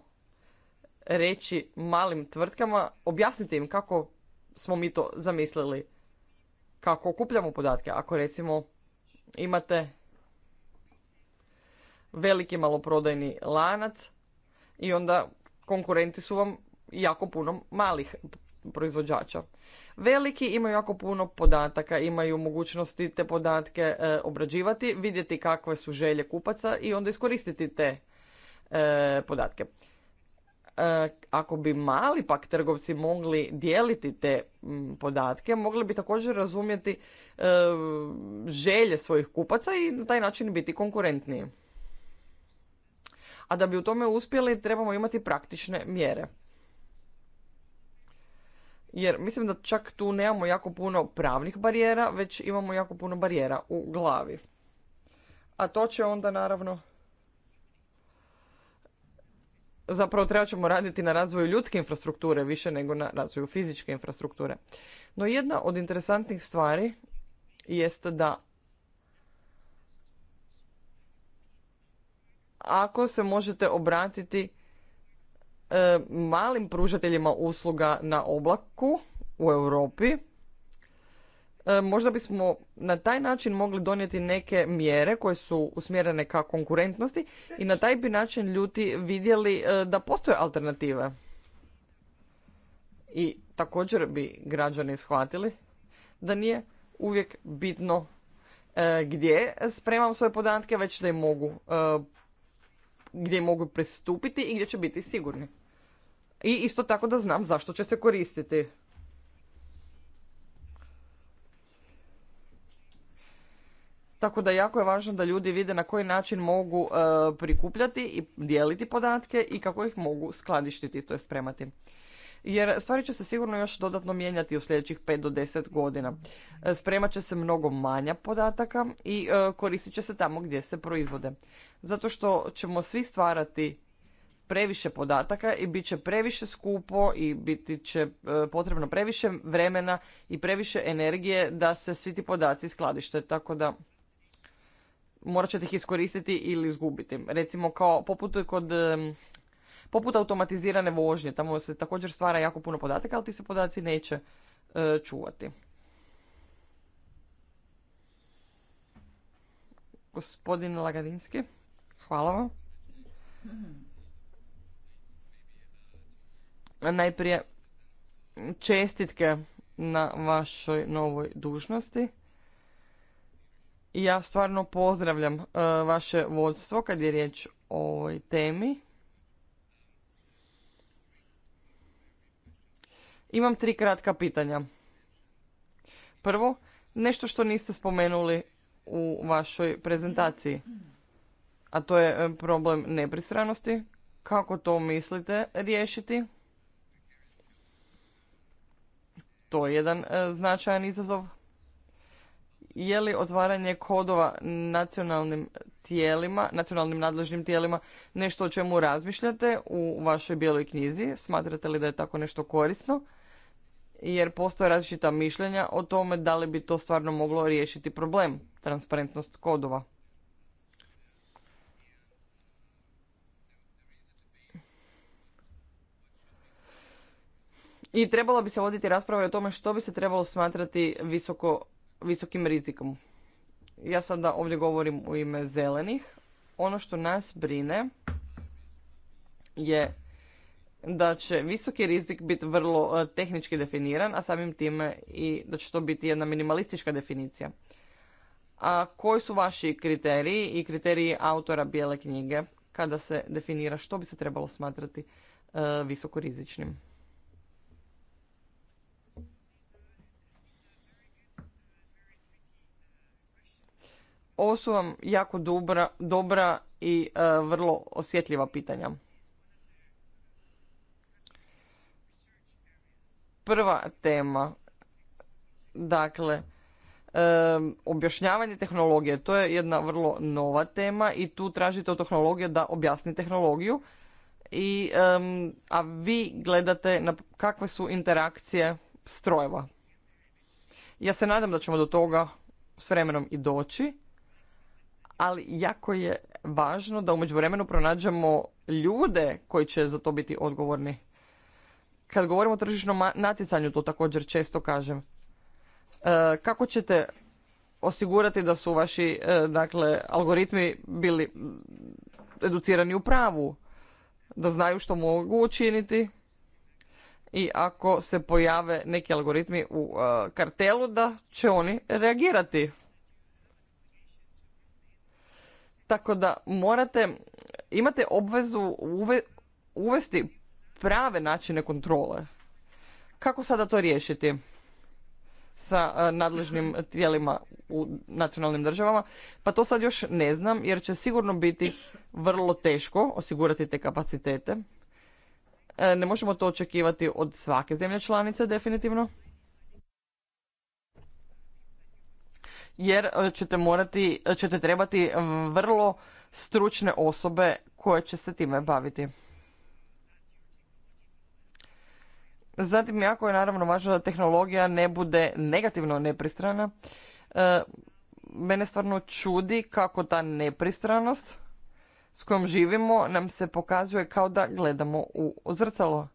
reći malim tvrtkama, objasniti im kako smo mi to zamislili, kako okupljamo podatke. Ako recimo imate veliki maloprodajni lanac i onda konkurenti su vam jako puno malih proizvođača. Veliki imaju jako puno podataka, imaju mogućnosti te podatke e, obrađivati, vidjeti kakve su želje kupaca i onda iskoristiti te e, podatke. E, ako bi mali pak trgovci mogli dijeliti te podatke, mogli bi također razumjeti želje svojih kupaca i na taj način biti konkurentniji a da bi u tome uspjeli trebamo imati praktične mjere. Jer mislim da čak tu nemamo jako puno pravnih barijera, već imamo jako puno barijera u glavi. A to će onda naravno zapravo trebat ćemo raditi na razvoju ljudske infrastrukture više nego na razvoju fizičke infrastrukture. No jedna od interesantnih stvari jest da ako se možete obratiti e, malim pružateljima usluga na oblaku u Europi. E, možda bismo na taj način mogli donijeti neke mjere koje su usmjerene ka konkurentnosti i na taj bi način ljudi vidjeli e, da postoje alternative. I također bi građani shvatili da nije uvijek bitno e, gdje spremam svoje podatke, već da im mogu gdje mogu pristupiti i gdje će biti sigurni. I isto tako da znam zašto će se koristiti. Tako da jako je važno da ljudi vide na koji način mogu e, prikupljati i dijeliti podatke i kako ih mogu skladištiti, to je spremati jer stvari će se sigurno još dodatno mijenjati u sljedećih 5 do 10 godina. E, spremat će se mnogo manja podataka i e, koristit će se tamo gdje se proizvode. Zato što ćemo svi stvarati previše podataka i bit će previše skupo i biti će e, potrebno previše vremena i previše energije da se svi ti podaci skladište. Tako da morat ćete ih iskoristiti ili izgubiti. Recimo kao poput kod poput automatizirane vožnje. Tamo se također stvara jako puno podataka, ali ti se podaci neće e, čuvati. Gospodin Lagadinski, hvala vam. Najprije čestitke na vašoj novoj dužnosti. Ja stvarno pozdravljam e, vaše vodstvo kad je riječ o ovoj temi. Imam tri kratka pitanja. Prvo, nešto što niste spomenuli u vašoj prezentaciji, a to je eh, problem nepristranosti. Kako to mislite riješiti? To je jedan eh, značajan izazov. Je li otvaranje kodova nacionalnim tijelima, nacionalnim nadležnim tijelima nešto o čemu razmišljate u vašoj bijeloj knjizi? Smatrate li da je tako nešto korisno? jer postoje različita mišljenja o tome da li bi to stvarno moglo riješiti problem, transparentnost kodova. I trebala bi se voditi rasprava o tome što bi se trebalo smatrati visoko, visokim rizikom. Ja sada ovdje govorim u ime zelenih. Ono što nas brine je da će visoki rizik biti vrlo e, tehnički definiran, a samim time i da će to biti jedna minimalistička definicija. A koji su vaši kriteriji i kriteriji autora bijele knjige kada se definira što bi se trebalo smatrati e, visokorizičnim? Ovo su vam jako dobra, dobra i e, vrlo osjetljiva pitanja. prva tema. Dakle, objašnjavanje tehnologije, to je jedna vrlo nova tema i tu tražite od tehnologije da objasni tehnologiju. I, a vi gledate na kakve su interakcije strojeva. Ja se nadam da ćemo do toga s vremenom i doći, ali jako je važno da umeđu vremenu pronađemo ljude koji će za to biti odgovorni. Kad govorimo o tržišnom natjecanju, to također često kažem. E, kako ćete osigurati da su vaši e, dakle, algoritmi bili educirani u pravu, da znaju što mogu učiniti i ako se pojave neki algoritmi u e, kartelu da će oni reagirati. Tako da morate, imate obvezu uvesti prave načine kontrole. Kako sada to riješiti sa e, nadležnim tijelima u nacionalnim državama? Pa to sad još ne znam jer će sigurno biti vrlo teško osigurati te kapacitete. E, ne možemo to očekivati od svake zemlje članice definitivno. jer e, ćete morati, ćete trebati vrlo stručne osobe koje će se time baviti. Zatim, jako je naravno važno da tehnologija ne bude negativno nepristrana. E, mene stvarno čudi kako ta nepristranost s kojom živimo nam se pokazuje kao da gledamo u zrcalo.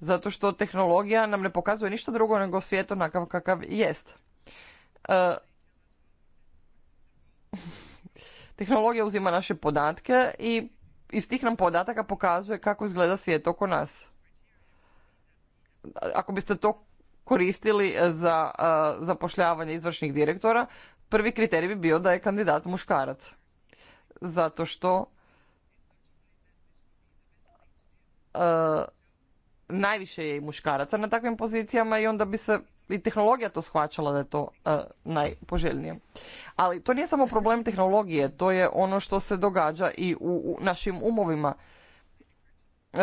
Zato što tehnologija nam ne pokazuje ništa drugo nego svijet onakav kakav jest. E, tehnologija uzima naše podatke i iz tih nam podataka pokazuje kako izgleda svijet oko nas ako biste to koristili e, za e, zapošljavanje izvršnih direktora, prvi kriterij bi bio da je kandidat muškarac. Zato što e, najviše je i muškaraca na takvim pozicijama i onda bi se i tehnologija to shvaćala da je to najpoželjnije. Ali to nije samo problem tehnologije, to je ono što se događa i u, u našim umovima.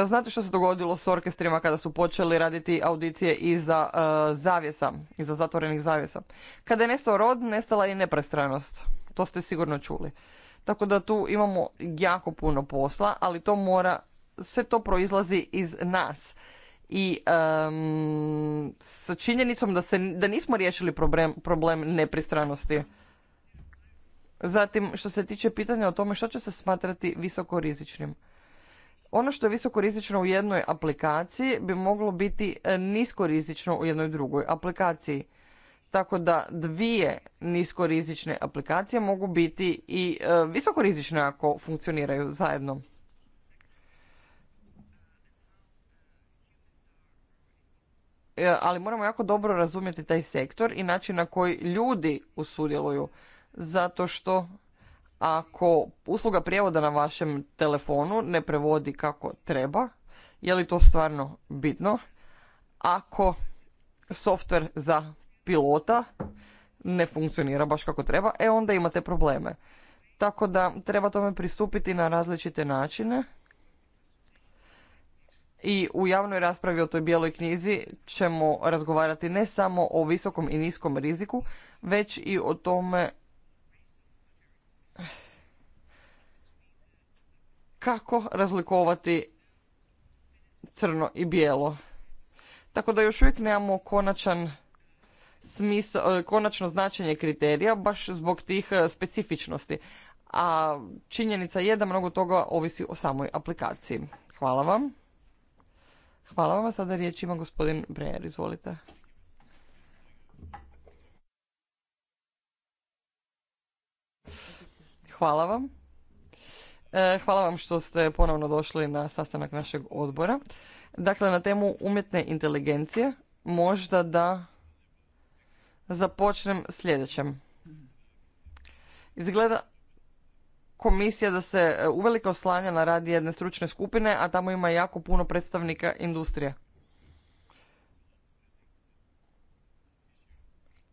Znate što se dogodilo s orkestrima kada su počeli raditi audicije iza e, zavjesa, iza zatvorenih zavjesa? Kada je nestao rod, nestala je i nepristranost. To ste sigurno čuli. Tako da tu imamo jako puno posla, ali to mora, sve to proizlazi iz nas. I um, sa činjenicom da, se, da nismo riješili problem, problem nepristranosti. Zatim, što se tiče pitanja o tome što će se smatrati visokorizičnim ono što je visoko rizično u jednoj aplikaciji bi moglo biti e, niskorizično u jednoj drugoj aplikaciji. Tako da dvije niskorizične aplikacije mogu biti i e, visokorizične ako funkcioniraju zajedno. E, ali moramo jako dobro razumjeti taj sektor i način na koji ljudi usudjeluju. Zato što ako usluga prijevoda na vašem telefonu ne prevodi kako treba, je li to stvarno bitno? Ako softver za pilota ne funkcionira baš kako treba, e onda imate probleme. Tako da treba tome pristupiti na različite načine. I u javnoj raspravi o toj bijeloj knjizi ćemo razgovarati ne samo o visokom i niskom riziku, već i o tome kako razlikovati crno i bijelo. Tako da još uvijek nemamo konačan smisao, e, konačno značenje kriterija baš zbog tih e, specifičnosti. A činjenica je da mnogo toga ovisi o samoj aplikaciji. Hvala vam. Hvala vam. Sada riječ ima gospodin Brejer. Izvolite. Hvala vam. E, hvala vam što ste ponovno došli na sastanak našeg odbora. Dakle, na temu umjetne inteligencije možda da započnem sljedećem. Izgleda komisija da se uvelike oslanja na rad jedne stručne skupine, a tamo ima jako puno predstavnika industrije.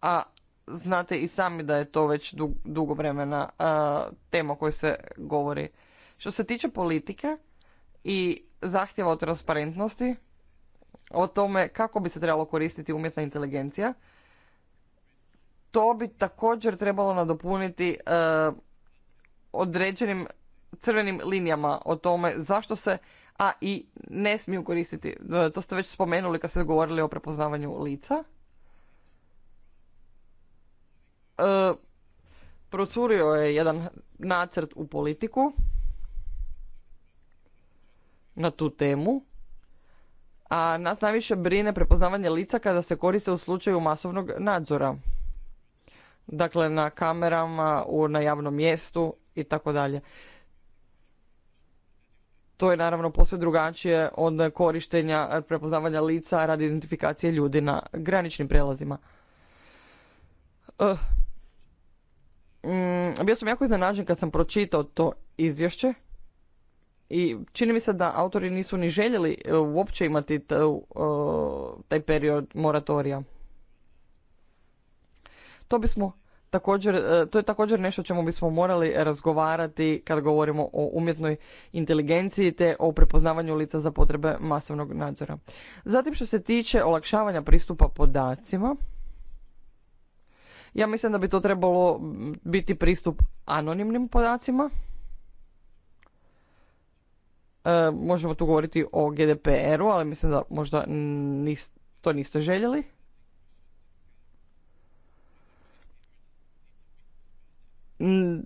A znate i sami da je to već dugo vremena tema o kojoj se govori što se tiče politike i zahtjeva o transparentnosti, o tome kako bi se trebalo koristiti umjetna inteligencija, to bi također trebalo nadopuniti e, određenim crvenim linijama o tome zašto se a i ne smiju koristiti. E, to ste već spomenuli kad ste govorili o prepoznavanju lica. E, procurio je jedan nacrt u politiku na tu temu, a nas najviše brine prepoznavanje lica kada se koriste u slučaju masovnog nadzora. Dakle, na kamerama, na javnom mjestu i tako dalje. To je naravno posve drugačije od korištenja eh, prepoznavanja lica radi identifikacije ljudi na graničnim prelazima. Eh, mm, bio sam jako iznenađen kad sam pročitao to izvješće i čini mi se da autori nisu ni željeli e, uopće imati e, taj period moratorija. To bismo također, e, to je također nešto o čemu bismo morali razgovarati kad govorimo o umjetnoj inteligenciji te o prepoznavanju lica za potrebe masovnog nadzora. Zatim što se tiče olakšavanja pristupa podacima, ja mislim da bi to trebalo biti pristup anonimnim podacima, E, možemo tu govoriti o GDPR-u, ali mislim da možda to niste željeli.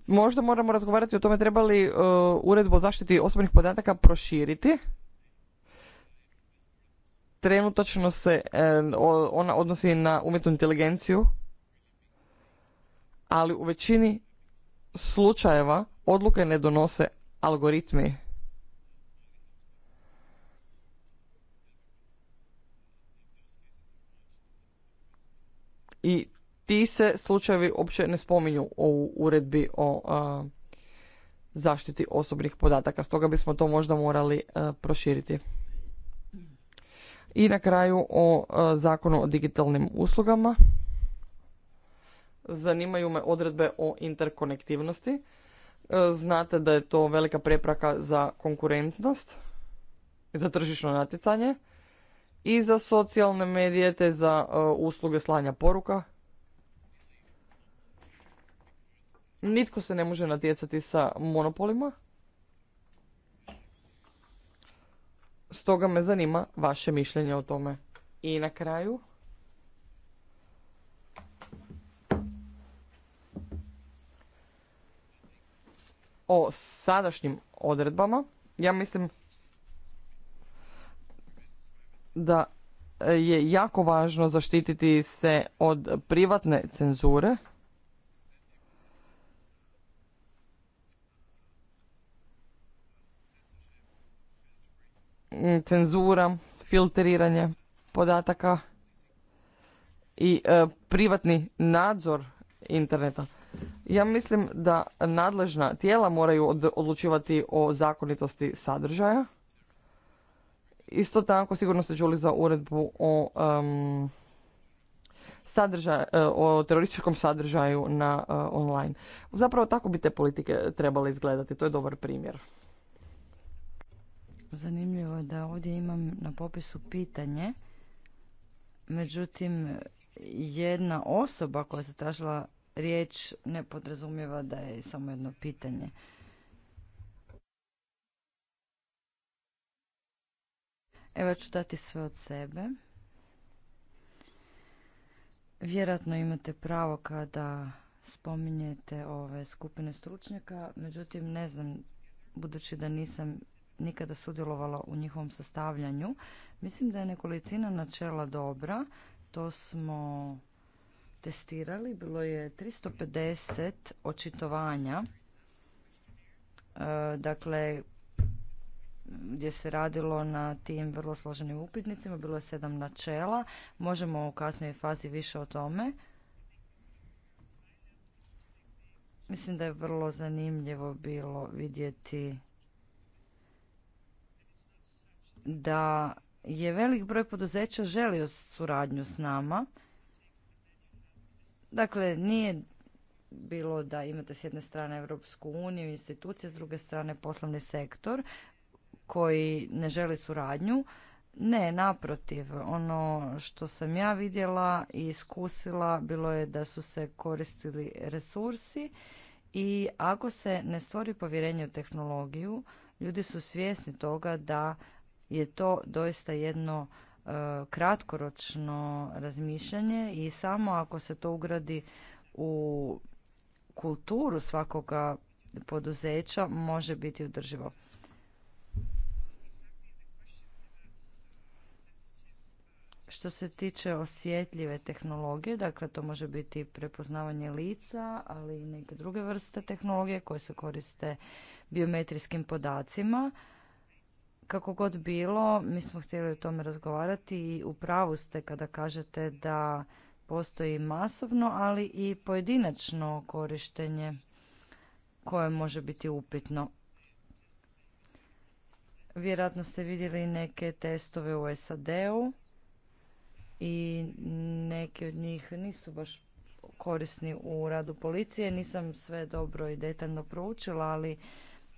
Možda moramo razgovarati o tome treba li e, uredbu o zaštiti osobnih podataka proširiti. Trenutačno se e, ona odnosi na umjetnu inteligenciju, ali u većini slučajeva odluke ne donose algoritmi I ti se slučajevi uopće ne spominju u uredbi o zaštiti osobnih podataka, stoga bismo to možda morali proširiti. I na kraju o zakonu o digitalnim uslugama. Zanimaju me odredbe o interkonektivnosti. E, znate da je to velika prepraka za konkurentnost, za tržišno natjecanje i za socijalne medije te za e, usluge slanja poruka. Nitko se ne može natjecati sa monopolima. Stoga me zanima vaše mišljenje o tome. I na kraju... O sadašnjim odredbama. Ja mislim da e, je jako važno zaštititi se od privatne cenzure. Mm, cenzura, filtriranje podataka i e, privatni nadzor interneta. Ja mislim da nadležna tijela moraju odlučivati o zakonitosti sadržaja. Isto tako sigurno ste čuli za uredbu o sadržaj, e, o terorističkom sadržaju na e, online. Zapravo tako bi te politike trebale izgledati. To je dobar primjer. Zanimljivo je da ovdje imam na popisu pitanje. Međutim, jedna osoba koja se tražila riječ ne podrazumijeva da je samo jedno pitanje. Evo ću dati sve od sebe. Vjerojatno imate pravo kada spominjete ove skupine stručnjaka, međutim ne znam, budući da nisam nikada sudjelovala u njihovom sastavljanju, mislim da je nekolicina načela dobra. To smo testirali, bilo je 350 očitovanja. E, dakle, gdje se radilo na tim vrlo složenim upitnicima, bilo je sedam načela, možemo u kasnijoj fazi više o tome. Mislim da je vrlo zanimljivo bilo vidjeti da je velik broj poduzeća želio suradnju s nama. Dakle, nije bilo da imate s jedne strane Europsku uniju, institucije, s druge strane poslovni sektor koji ne žele suradnju. Ne, naprotiv, ono što sam ja vidjela i iskusila bilo je da su se koristili resursi i ako se ne stvori povjerenje u tehnologiju, ljudi su svjesni toga da je to doista jedno e, kratkoročno razmišljanje i samo ako se to ugradi u kulturu svakoga poduzeća može biti održivo. Što se tiče osjetljive tehnologije, dakle to može biti prepoznavanje lica, ali i neke druge vrste tehnologije koje se koriste biometrijskim podacima. Kako god bilo, mi smo htjeli o tome razgovarati i u pravu ste kada kažete da postoji masovno, ali i pojedinačno korištenje koje može biti upitno. Vjerojatno ste vidjeli neke testove u SAD-u i neki od njih nisu baš korisni u radu policije. Nisam sve dobro i detaljno proučila, ali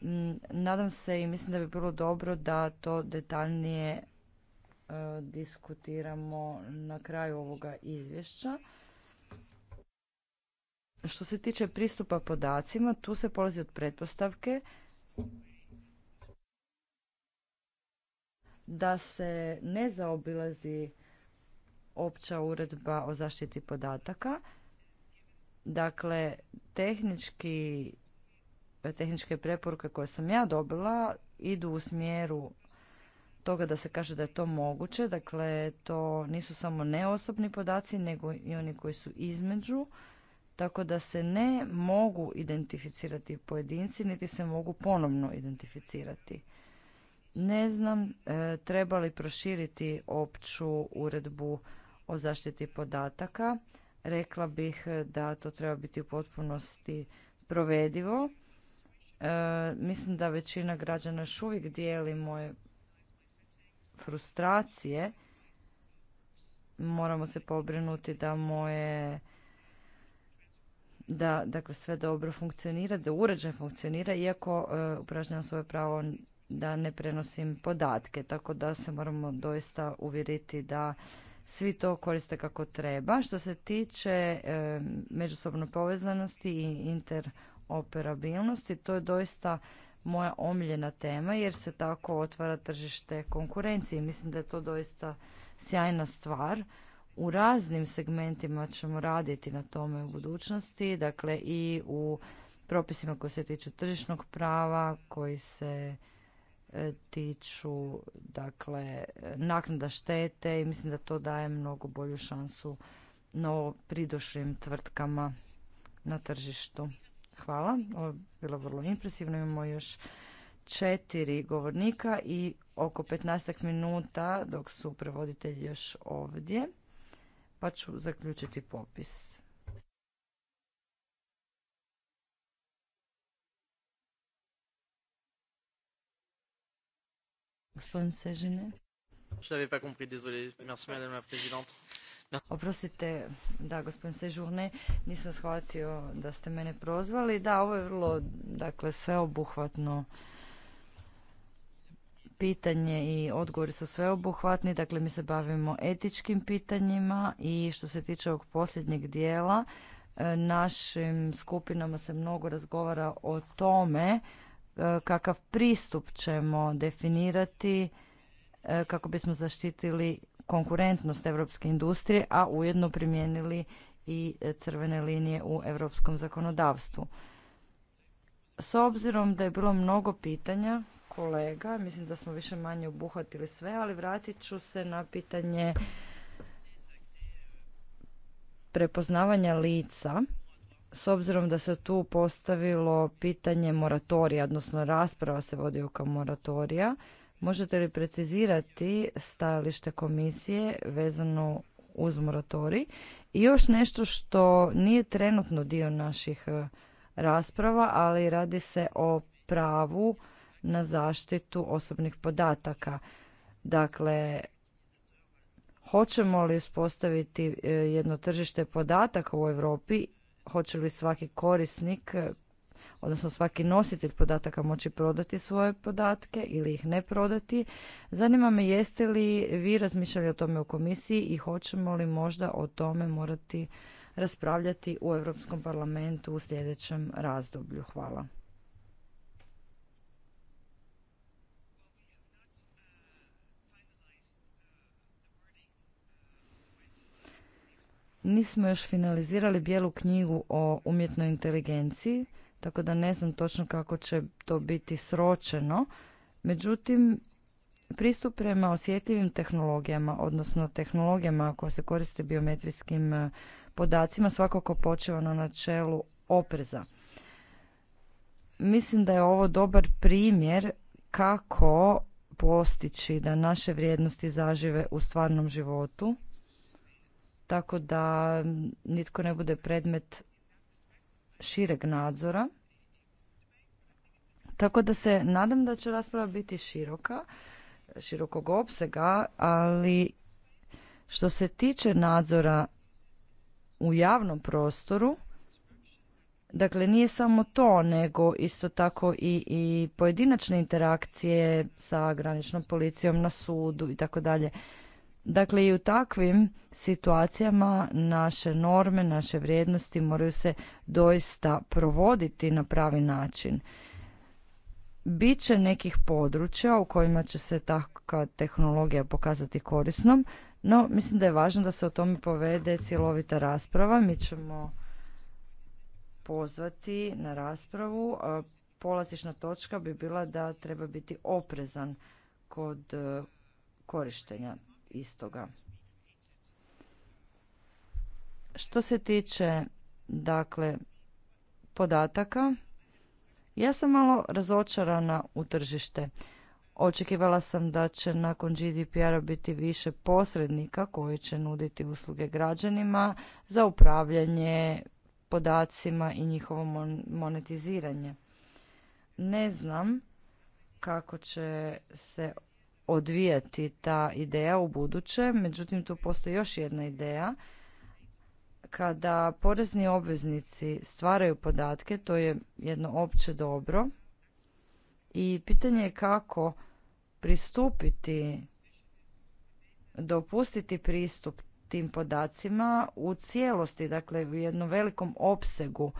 mm, nadam se i mislim da bi bilo dobro da to detaljnije e, diskutiramo na kraju ovoga izvješća. Što se tiče pristupa podacima, tu se polazi od pretpostavke da se ne zaobilazi opća uredba o zaštiti podataka. Dakle, tehnički, tehničke preporuke koje sam ja dobila idu u smjeru toga da se kaže da je to moguće. Dakle, to nisu samo neosobni podaci, nego i oni koji su između. Tako da se ne mogu identificirati pojedinci, niti se mogu ponovno identificirati. Ne znam, e, treba li proširiti opću uredbu o zaštiti podataka. Rekla bih da to treba biti u potpunosti provedivo. E, mislim da većina građana još uvijek dijeli moje frustracije. Moramo se pobrinuti da moje da dakle sve dobro funkcionira, da uređaj funkcionira iako e, upražnjavam svoje pravo da ne prenosim podatke, tako da se moramo doista uvjeriti da svi to koriste kako treba. Što se tiče e, međusobno povezanosti i interoperabilnosti, to je doista moja omiljena tema jer se tako otvara tržište konkurencije. Mislim da je to doista sjajna stvar. U raznim segmentima ćemo raditi na tome u budućnosti, dakle i u propisima koji se tiču tržišnog prava, koji se tiču dakle naknada štete i mislim da to daje mnogo bolju šansu no pridošlim tvrtkama na tržištu. Hvala, ovo je bilo vrlo impresivno. Imamo još četiri govornika i oko 15 minuta dok su prevoditelji još ovdje, pa ću zaključiti popis. Oprostite, da, gospodin Sežurne, nisam shvatio da ste mene prozvali. Da, ovo je vrlo, dakle, sveobuhvatno pitanje i odgovori su sveobuhvatni. Dakle, mi se bavimo etičkim pitanjima i što se tiče ovog posljednjeg dijela, e, našim skupinama se mnogo razgovara o tome E, kakav pristup ćemo definirati e, kako bismo zaštitili konkurentnost europske industrije, a ujedno primijenili i crvene linije u europskom zakonodavstvu. S obzirom da je bilo mnogo pitanja kolega, mislim da smo više manje obuhvatili sve, ali vratit ću se na pitanje prepoznavanja lica s obzirom da se tu postavilo pitanje moratorija, odnosno rasprava se vodi oko moratorija, možete li precizirati stajalište komisije vezano uz moratorij? I još nešto što nije trenutno dio naših e, rasprava, ali radi se o pravu na zaštitu osobnih podataka. Dakle, hoćemo li uspostaviti e, jedno tržište podataka u Europi hoće li svaki korisnik odnosno svaki nositelj podataka moći prodati svoje podatke ili ih ne prodati. Zanima me jeste li vi razmišljali o tome u komisiji i hoćemo li možda o tome morati raspravljati u Europskom parlamentu u sljedećem razdoblju. Hvala. Nismo još finalizirali bijelu knjigu o umjetnoj inteligenciji, tako da ne znam točno kako će to biti sročeno. Međutim, pristup prema osjetljivim tehnologijama, odnosno tehnologijama koje se koriste biometrijskim e, podacima, svakako počeva na načelu opreza. Mislim da je ovo dobar primjer kako postići da naše vrijednosti zažive u stvarnom životu tako da nitko ne bude predmet šireg nadzora. Tako da se nadam da će rasprava biti široka, širokog opsega, ali što se tiče nadzora u javnom prostoru, dakle nije samo to, nego isto tako i, i pojedinačne interakcije sa graničnom policijom na sudu i tako dalje. Dakle, i u takvim situacijama naše norme, naše vrijednosti moraju se doista provoditi na pravi način. Biće nekih područja u kojima će se takva tehnologija pokazati korisnom, no mislim da je važno da se o tome povede cjelovita rasprava. Mi ćemo pozvati na raspravu. E, polazišna točka bi bila da treba biti oprezan kod e, korištenja istoga. Što se tiče dakle podataka, ja sam malo razočarana u tržište. Očekivala sam da će nakon GDPR-a biti više posrednika koji će nuditi usluge građanima za upravljanje podacima i njihovo monetiziranje. Ne znam kako će se odvijati ta ideja u buduće. Međutim, tu postoji još jedna ideja. Kada porezni obveznici stvaraju podatke, to je jedno opće dobro. I pitanje je kako pristupiti, dopustiti pristup tim podacima u cijelosti, dakle u jednom velikom opsegu.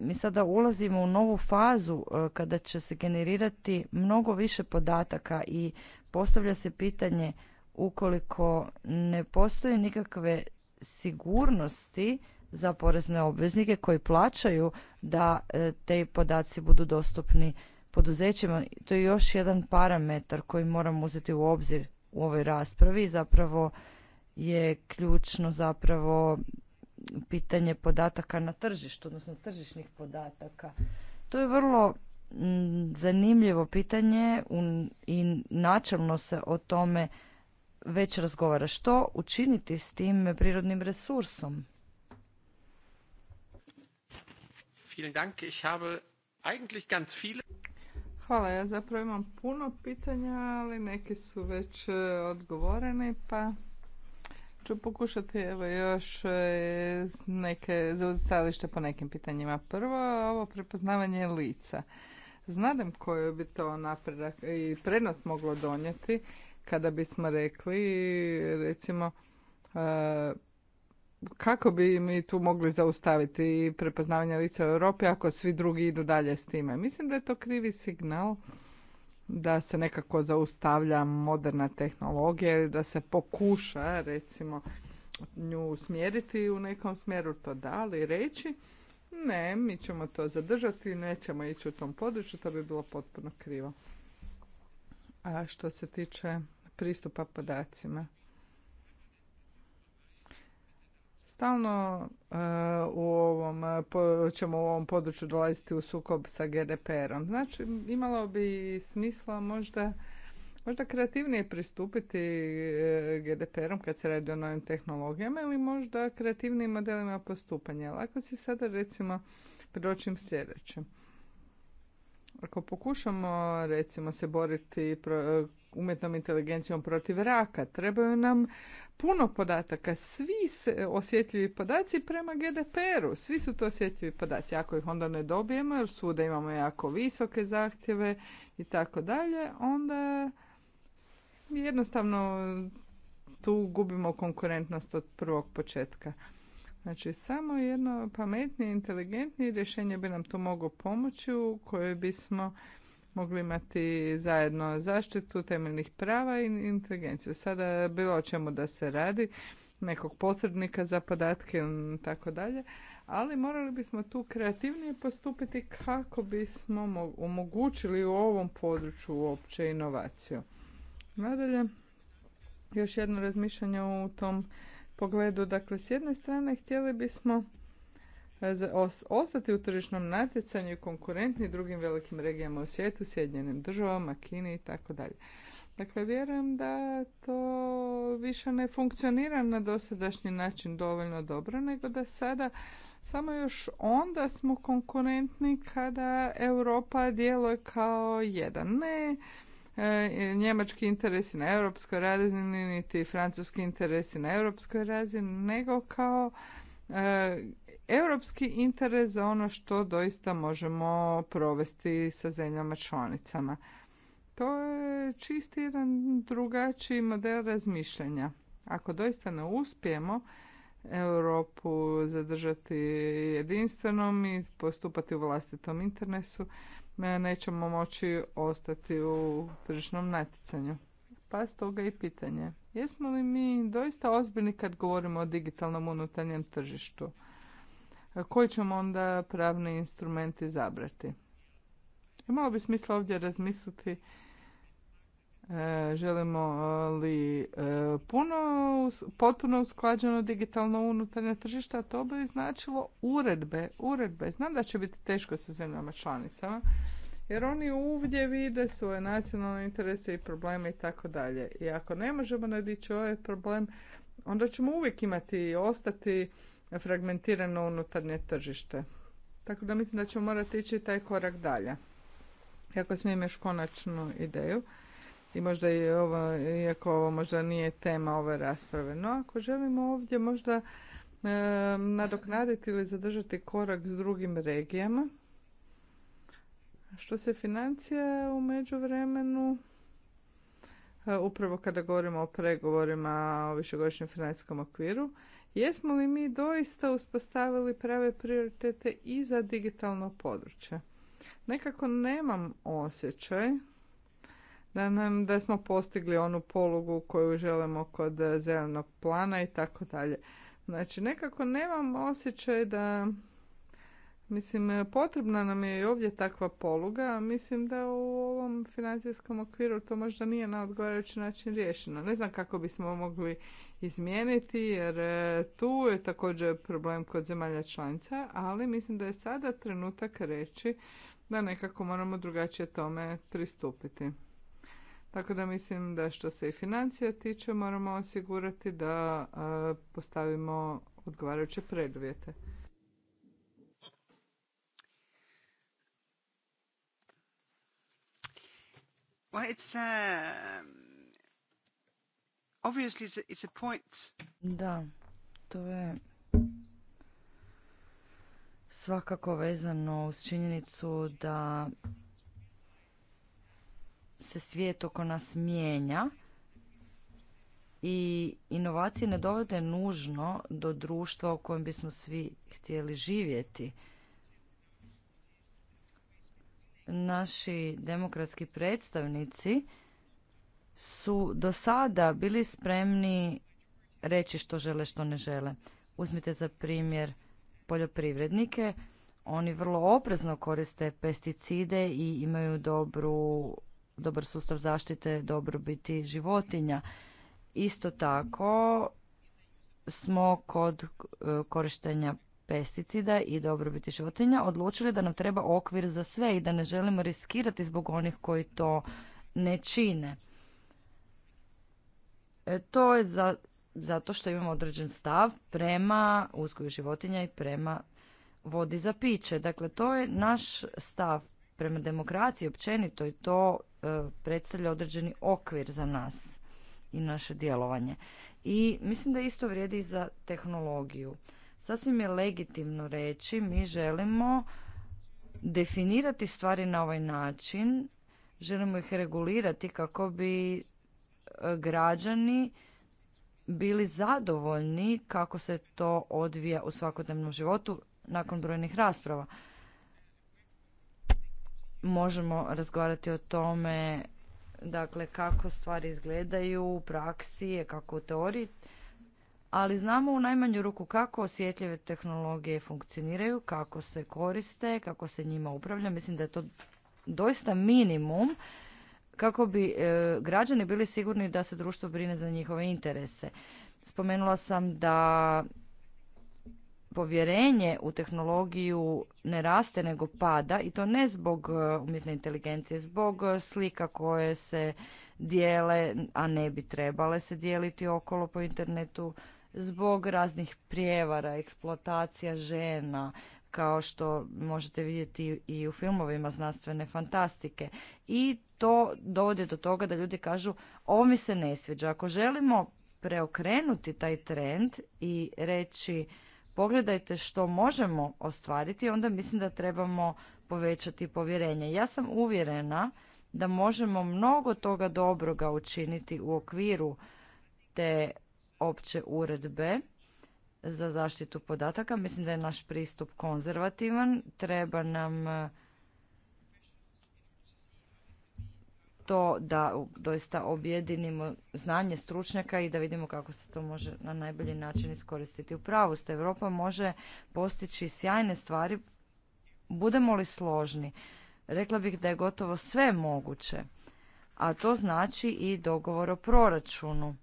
Mi sada ulazimo u novu fazu e, kada će se generirati mnogo više podataka i Postavlja se pitanje ukoliko ne postoje nikakve sigurnosti za porezne obveznike koji plaćaju da e, te podaci budu dostupni poduzećima. To je još jedan parametar koji moramo uzeti u obzir u ovoj raspravi. Zapravo je ključno zapravo pitanje podataka na tržištu, odnosno tržišnih podataka. To je vrlo Mm, zanimljivo pitanje i načelno se o tome već razgovara. Što učiniti s tim prirodnim resursom? Hvala, ja zapravo imam puno pitanja, ali neki su već e, odgovorene. pa ću pokušati evo još e, neke zauzeti po nekim pitanjima. Prvo, ovo prepoznavanje lica. Znadem koju bi to napredak i prednost moglo donijeti kada bismo rekli recimo e, kako bi mi tu mogli zaustaviti prepoznavanje lica u Europi ako svi drugi idu dalje s time. Mislim da je to krivi signal da se nekako zaustavlja moderna tehnologija ili da se pokuša recimo nju usmjeriti u nekom smjeru to da, ali reći ne, mi ćemo to zadržati, nećemo ići u tom području, to bi bilo potpuno krivo. A što se tiče pristupa podacima, stalno e, u ovom, ćemo u ovom području dolaziti u sukob sa GDPR-om. Znači, imalo bi smisla možda možda kreativnije pristupiti e, GDPR-om kad se radi o novim tehnologijama ili možda kreativnijim modelima postupanja. Ali ako si sada recimo priročim sljedeće. Ako pokušamo recimo se boriti e, umjetnom inteligencijom protiv raka, trebaju nam puno podataka, svi se e, osjetljivi podaci prema GDPR-u, svi su to osjetljivi podaci. Ako ih onda ne dobijemo, jer svuda imamo jako visoke zahtjeve i tako dalje, onda jednostavno tu gubimo konkurentnost od prvog početka. Znači, samo jedno pametnije, inteligentnije rješenje bi nam to moglo pomoći u kojoj bismo mogli imati zajedno zaštitu temeljnih prava i inteligenciju. Sada bilo o čemu da se radi, nekog posrednika za podatke i tako dalje, ali morali bismo tu kreativnije postupiti kako bismo omogućili u ovom području uopće inovaciju. Nadalje, još jedno razmišljanje u tom pogledu. Dakle, s jedne strane htjeli bismo e, ostati u tržišnom natjecanju i konkurentni drugim velikim regijama u svijetu, Sjedinjenim državama, Kini i tako dalje. Dakle, vjerujem da to više ne funkcionira na dosadašnji način dovoljno dobro, nego da sada samo još onda smo konkurentni kada Europa djeluje kao jedan. Ne E, njemački interesi na europskoj razini, niti francuski interesi na europskoj razini, nego kao e, europski interes za ono što doista možemo provesti sa zemljama članicama. To je čisti jedan drugačiji model razmišljanja. Ako doista ne uspijemo Europu zadržati jedinstvenom i postupati u vlastitom interesu, nećemo moći ostati u tržišnom natjecanju. Pa stoga i pitanje. Jesmo li mi doista ozbiljni kad govorimo o digitalnom unutarnjem tržištu? Koji ćemo onda pravni instrumenti izabrati? Imalo bi smisla ovdje razmisliti E, želimo e, li e, puno, potpuno usklađeno digitalno unutarnje tržište, a to bi značilo uredbe, uredbe. Znam da će biti teško sa zemljama članicama, jer oni uvdje vide svoje nacionalne interese i probleme i tako dalje. I ako ne možemo nadići ovaj problem, onda ćemo uvijek imati i ostati fragmentirano unutarnje tržište. Tako da mislim da ćemo morati ići taj korak dalje. Ako smijem još konačnu ideju, i možda je ovo, iako ovo možda nije tema ove rasprave. No ako želimo ovdje možda e, nadoknaditi ili zadržati korak s drugim regijama, što se financija u međuvremenu, e, upravo kada govorimo o pregovorima o višegodišnjem financijskom okviru, jesmo li mi doista uspostavili prave prioritete i za digitalno područje? Nekako nemam osjećaj da, nam, da smo postigli onu polugu koju želimo kod zelenog plana i tako dalje. Znači, nekako nemam osjećaj da, mislim, potrebna nam je i ovdje takva poluga, a mislim da u ovom financijskom okviru to možda nije na odgovarajući način riješeno. Ne znam kako bismo mogli izmijeniti, jer e, tu je također problem kod zemalja članica, ali mislim da je sada trenutak reći da nekako moramo drugačije tome pristupiti. Tako da mislim da što se i financija tiče moramo osigurati da postavimo odgovarajuće preduvjete. Uh, da, to je svakako vezano uz činjenicu da se svijet oko nas mijenja i inovacije ne dovode nužno do društva u kojem bismo svi htjeli živjeti. Naši demokratski predstavnici su do sada bili spremni reći što žele, što ne žele. Uzmite za primjer poljoprivrednike. Oni vrlo oprezno koriste pesticide i imaju dobru dobar sustav zaštite dobrobiti životinja. Isto tako smo kod e, korištenja pesticida i dobrobiti životinja odlučili da nam treba okvir za sve i da ne želimo riskirati zbog onih koji to ne čine. E, to je zato što imamo određen stav prema uzgoju životinja i prema vodi za piće. Dakle, to je naš stav prema demokraciji općenito i to e, predstavlja određeni okvir za nas i naše djelovanje. I mislim da isto vrijedi i za tehnologiju. Sasvim je legitimno reći mi želimo definirati stvari na ovaj način, želimo ih regulirati kako bi e, građani bili zadovoljni kako se to odvija u svakodnevnom životu nakon brojnih rasprava možemo razgovarati o tome dakle kako stvari izgledaju u praksi, kako u teoriji, ali znamo u najmanju ruku kako osjetljive tehnologije funkcioniraju, kako se koriste, kako se njima upravlja. Mislim da je to doista minimum kako bi e, građani bili sigurni da se društvo brine za njihove interese. Spomenula sam da povjerenje u tehnologiju ne raste nego pada i to ne zbog e, umjetne inteligencije, zbog e, slika koje se dijele, a ne bi trebale se dijeliti okolo po internetu, zbog raznih prijevara, eksploatacija žena, kao što možete vidjeti i u filmovima znanstvene fantastike. I to dovodi do toga da ljudi kažu ovo mi se ne sviđa. Ako želimo preokrenuti taj trend i reći pogledajte što možemo ostvariti, onda mislim da trebamo povećati povjerenje. Ja sam uvjerena da možemo mnogo toga dobroga učiniti u okviru te opće uredbe za zaštitu podataka. Mislim da je naš pristup konzervativan. Treba nam to da doista objedinimo znanje stručnjaka i da vidimo kako se to može na najbolji način iskoristiti. U pravu ste, Europa može postići sjajne stvari, budemo li složni. Rekla bih da je gotovo sve moguće, a to znači i dogovor o proračunu.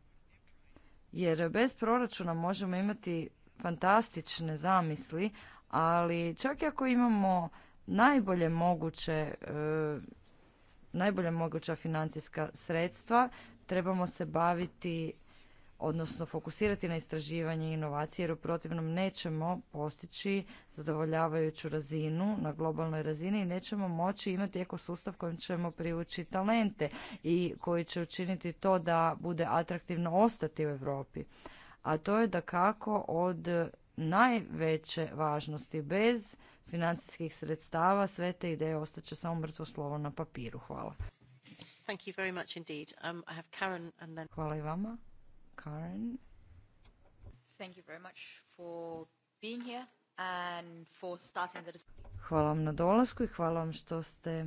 Jer bez proračuna možemo imati fantastične zamisli, ali čak i ako imamo najbolje moguće e, najbolja moguća financijska sredstva, trebamo se baviti odnosno fokusirati na istraživanje i inovacije jer u protivnom nećemo postići zadovoljavajuću razinu na globalnoj razini i nećemo moći imati ekosustav kojim ćemo privući talente i koji će učiniti to da bude atraktivno ostati u Europi. A to je da kako od najveće važnosti bez financijskih sredstava, sve te ideje ostaće samo mrtvo slovo na papiru. Hvala. Thank you very much indeed. Um, I have Karen and then... Hvala i vama. Karen. Thank you very much for being here and for starting the... Hvala vam na dolasku i hvala vam što ste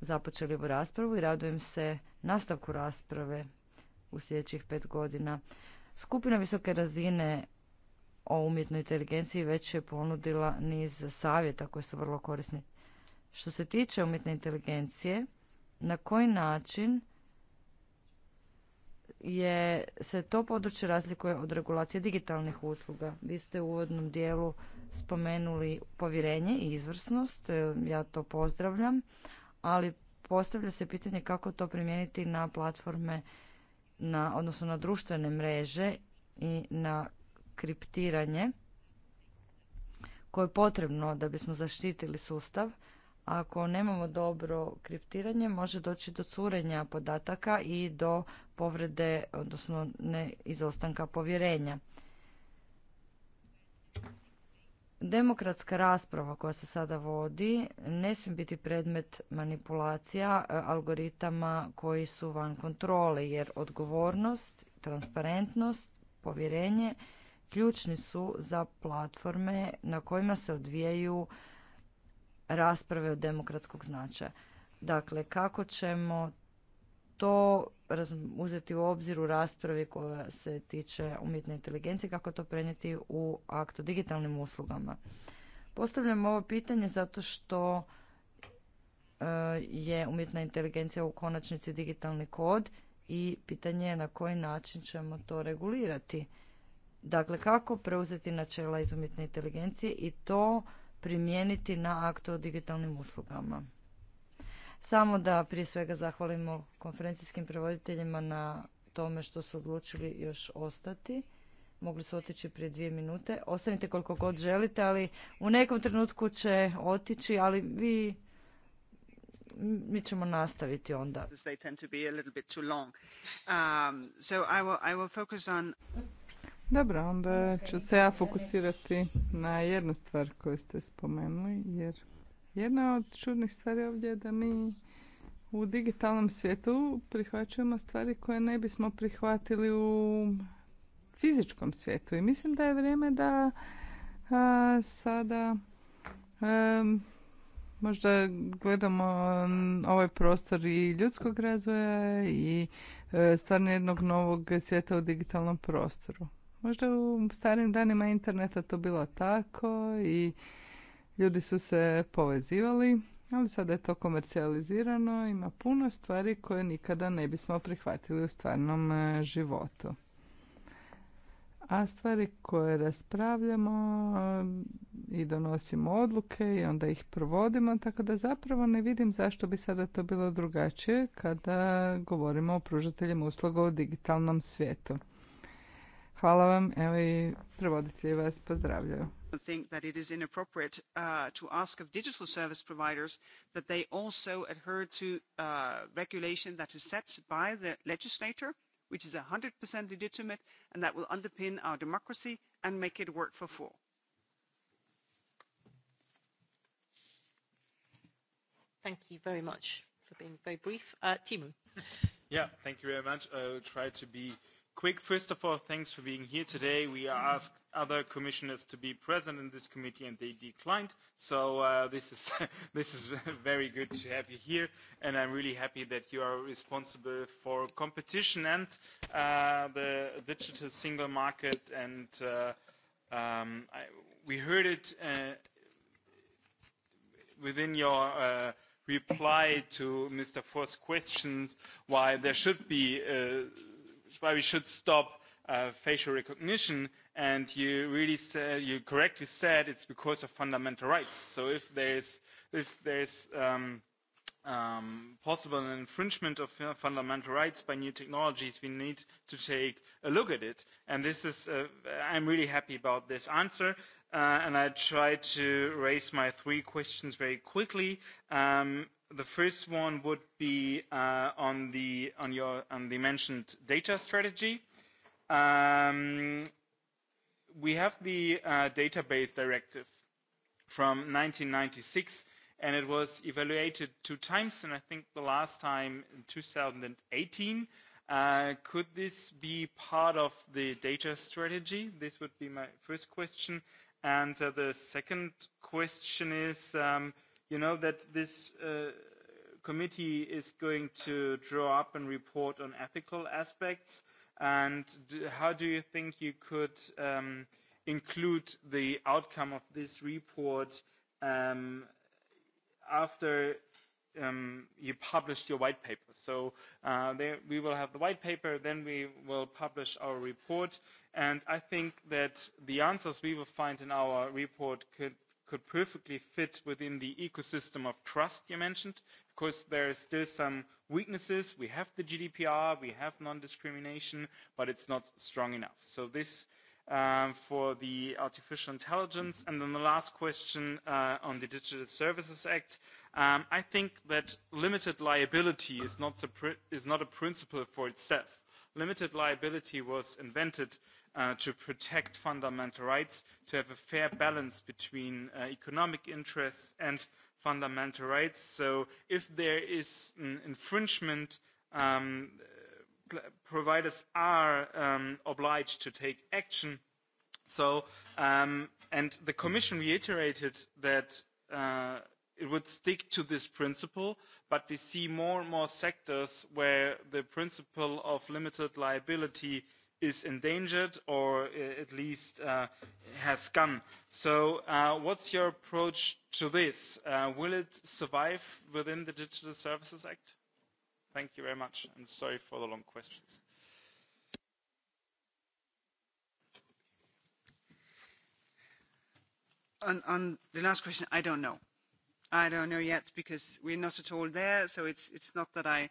započeli ovu raspravu i radujem se nastavku rasprave u sljedećih pet godina. Skupina visoke razine o umjetnoj inteligenciji već je ponudila niz savjeta koji su vrlo korisni. Što se tiče umjetne inteligencije, na koji način je se to područje razlikuje od regulacije digitalnih usluga. Vi ste u uvodnom dijelu spomenuli povjerenje i izvrsnost, e, ja to pozdravljam, ali postavlja se pitanje kako to primijeniti na platforme, na, odnosno na društvene mreže i na kriptiranje koje je potrebno da bismo zaštitili sustav. Ako nemamo dobro kriptiranje, može doći do curenja podataka i do povrede, odnosno ne izostanka povjerenja. Demokratska rasprava koja se sada vodi ne smije biti predmet manipulacija e, algoritama koji su van kontrole, jer odgovornost, transparentnost, povjerenje ključni su za platforme na kojima se odvijaju rasprave od demokratskog značaja. Dakle, kako ćemo to uzeti u obzir u raspravi koja se tiče umjetne inteligencije, kako to prenijeti u akt o digitalnim uslugama. Postavljam ovo pitanje zato što e, je umjetna inteligencija u konačnici digitalni kod i pitanje je na koji način ćemo to regulirati Dakle, kako preuzeti načela iz umjetne inteligencije i to primijeniti na aktu o digitalnim uslugama. Samo da prije svega zahvalimo konferencijskim prevoditeljima na tome što su odlučili još ostati. Mogli su otići prije dvije minute. Ostanite koliko god želite, ali u nekom trenutku će otići, ali vi mi ćemo nastaviti onda. Dobro, onda ću se ja fokusirati na jednu stvar koju ste spomenuli, jer jedna od čudnih stvari ovdje je da mi u digitalnom svijetu prihvaćujemo stvari koje ne bismo prihvatili u fizičkom svijetu. I mislim da je vrijeme da sada možda gledamo ovaj prostor i ljudskog razvoja i e, stvarno jednog novog svijeta u digitalnom prostoru. Možda u starim danima interneta to bilo tako i ljudi su se povezivali, ali sada je to komercijalizirano, ima puno stvari koje nikada ne bismo prihvatili u stvarnom e, životu. A stvari koje raspravljamo e, i donosimo odluke i onda ih provodimo, tako da zapravo ne vidim zašto bi sada to bilo drugačije kada govorimo o pružateljima usluga u digitalnom svijetu. Hvala vam, evo i prevoditelji vas pozdravljaju. think that it is inappropriate uh, to ask of digital service providers that they also adhere to uh, regulation that is set by the legislator, which is 100% legitimate, and that will underpin our democracy and make it work for full. Thank you very much for being very brief. Uh, Timo. Yeah, thank you very much. I'll try to be quick. First of all, thanks for being here today. We asked other commissioners to be present in this committee and they declined. So uh, this, is, this is very good to have you here. And I'm really happy that you are responsible for competition and uh, the digital single market. And uh, um, we heard it within your reply to Mr. Forst's questions why there should be why we should stop uh, facial recognition and you really said you correctly said it's because of fundamental rights so if there's if there's um, um, possible infringement of uh, fundamental rights by new technologies, we need to take a look at it. And this is, uh, I'm really happy about this answer. Uh, and I try to raise my three questions very quickly. Um, The first one would be uh, on the on your on the mentioned data strategy. Um, we have the uh, database directive from 1996, and it was evaluated two times, and I think the last time in 2018. Uh, could this be part of the data strategy? This would be my first question. And uh, the second question is. Um, you know that this uh, committee is going to draw up and report on ethical aspects and how do you think you could um, include the outcome of this report um, after um, you published your white paper. So uh, there we will have the white paper, then we will publish our report. And I think that the answers we will find in our report could could perfectly fit within the ecosystem of trust you mentioned because there are still some weaknesses we have the gdpr we have non discrimination but it's not strong enough so this um, for the artificial intelligence and then the last question uh, on the digital services act um, i think that limited liability is not, is not a principle for itself limited liability was invented Uh, to protect fundamental rights, to have a fair balance between uh, economic interests and fundamental rights. So if there is an infringement, um, providers are um, obliged to take action. So, um, and the Commission reiterated that uh, it would stick to this principle, but we see more and more sectors where the principle of limited liability is endangered or at least uh, has gone. So uh, what's your approach to this? Uh, will it survive within the Digital Services Act? Thank you very much, and sorry for the long questions. On, the last question, I don't know. I don't know yet because we're not at all there, so it's, it's not that I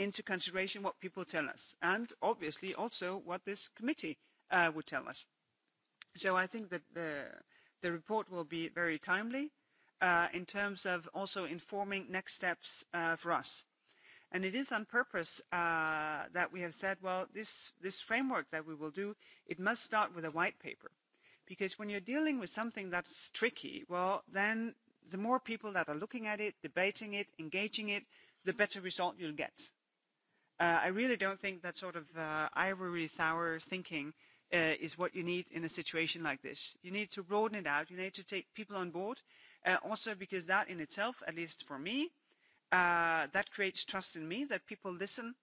into consideration what people tell us and obviously also what this committee uh, would tell us. So I think that the, report will be very timely uh, in terms of also informing next steps uh, for us. And it is on purpose that we have said, well, this, this framework that we will do, it must start with a white paper. Because when you're dealing with something that's tricky, well, then the more people that are looking at it, debating it, engaging it, the better result you'll get Uh, I really don't think that sort of uh, ivory tower thinking uh, is what you need in a situation like this. You need to broaden it out. You need to take people on board, uh, also because that in itself, at least for me, uh, that creates trust in me that people listen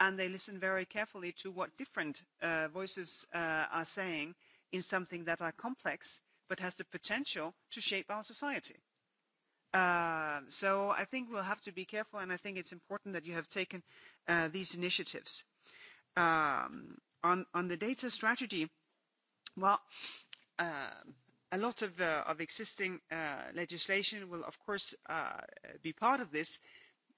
and they listen very carefully to what different uh, voices uh, are saying in something that are complex but has the potential to shape our society. Uh, so I think we'll have to be careful, and I think it's important that you have taken uh, these initiatives. Um, on, on the data strategy, well, uh, a lot of, uh, of existing uh, legislation will, of course, uh, be part of this.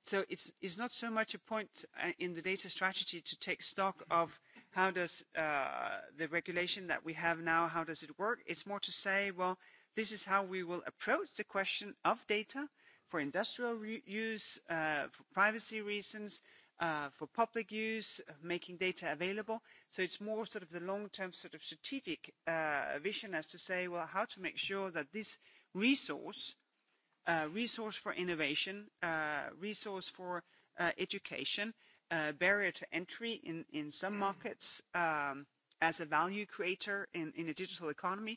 So it's, it's not so much a point uh, in the data strategy to take stock of how does uh, the regulation that we have now, how does it work? It's more to say, well, this is how we will approach the question of data for industrial use uh, for privacy reasons uh, for public use uh, making data available so it's more sort of the long term sort of strategic uh, vision as to say well how to make sure that this resource uh, resource for innovation uh, resource for uh, education uh, barrier to entry in in some markets um, as a value creator in in a digital economy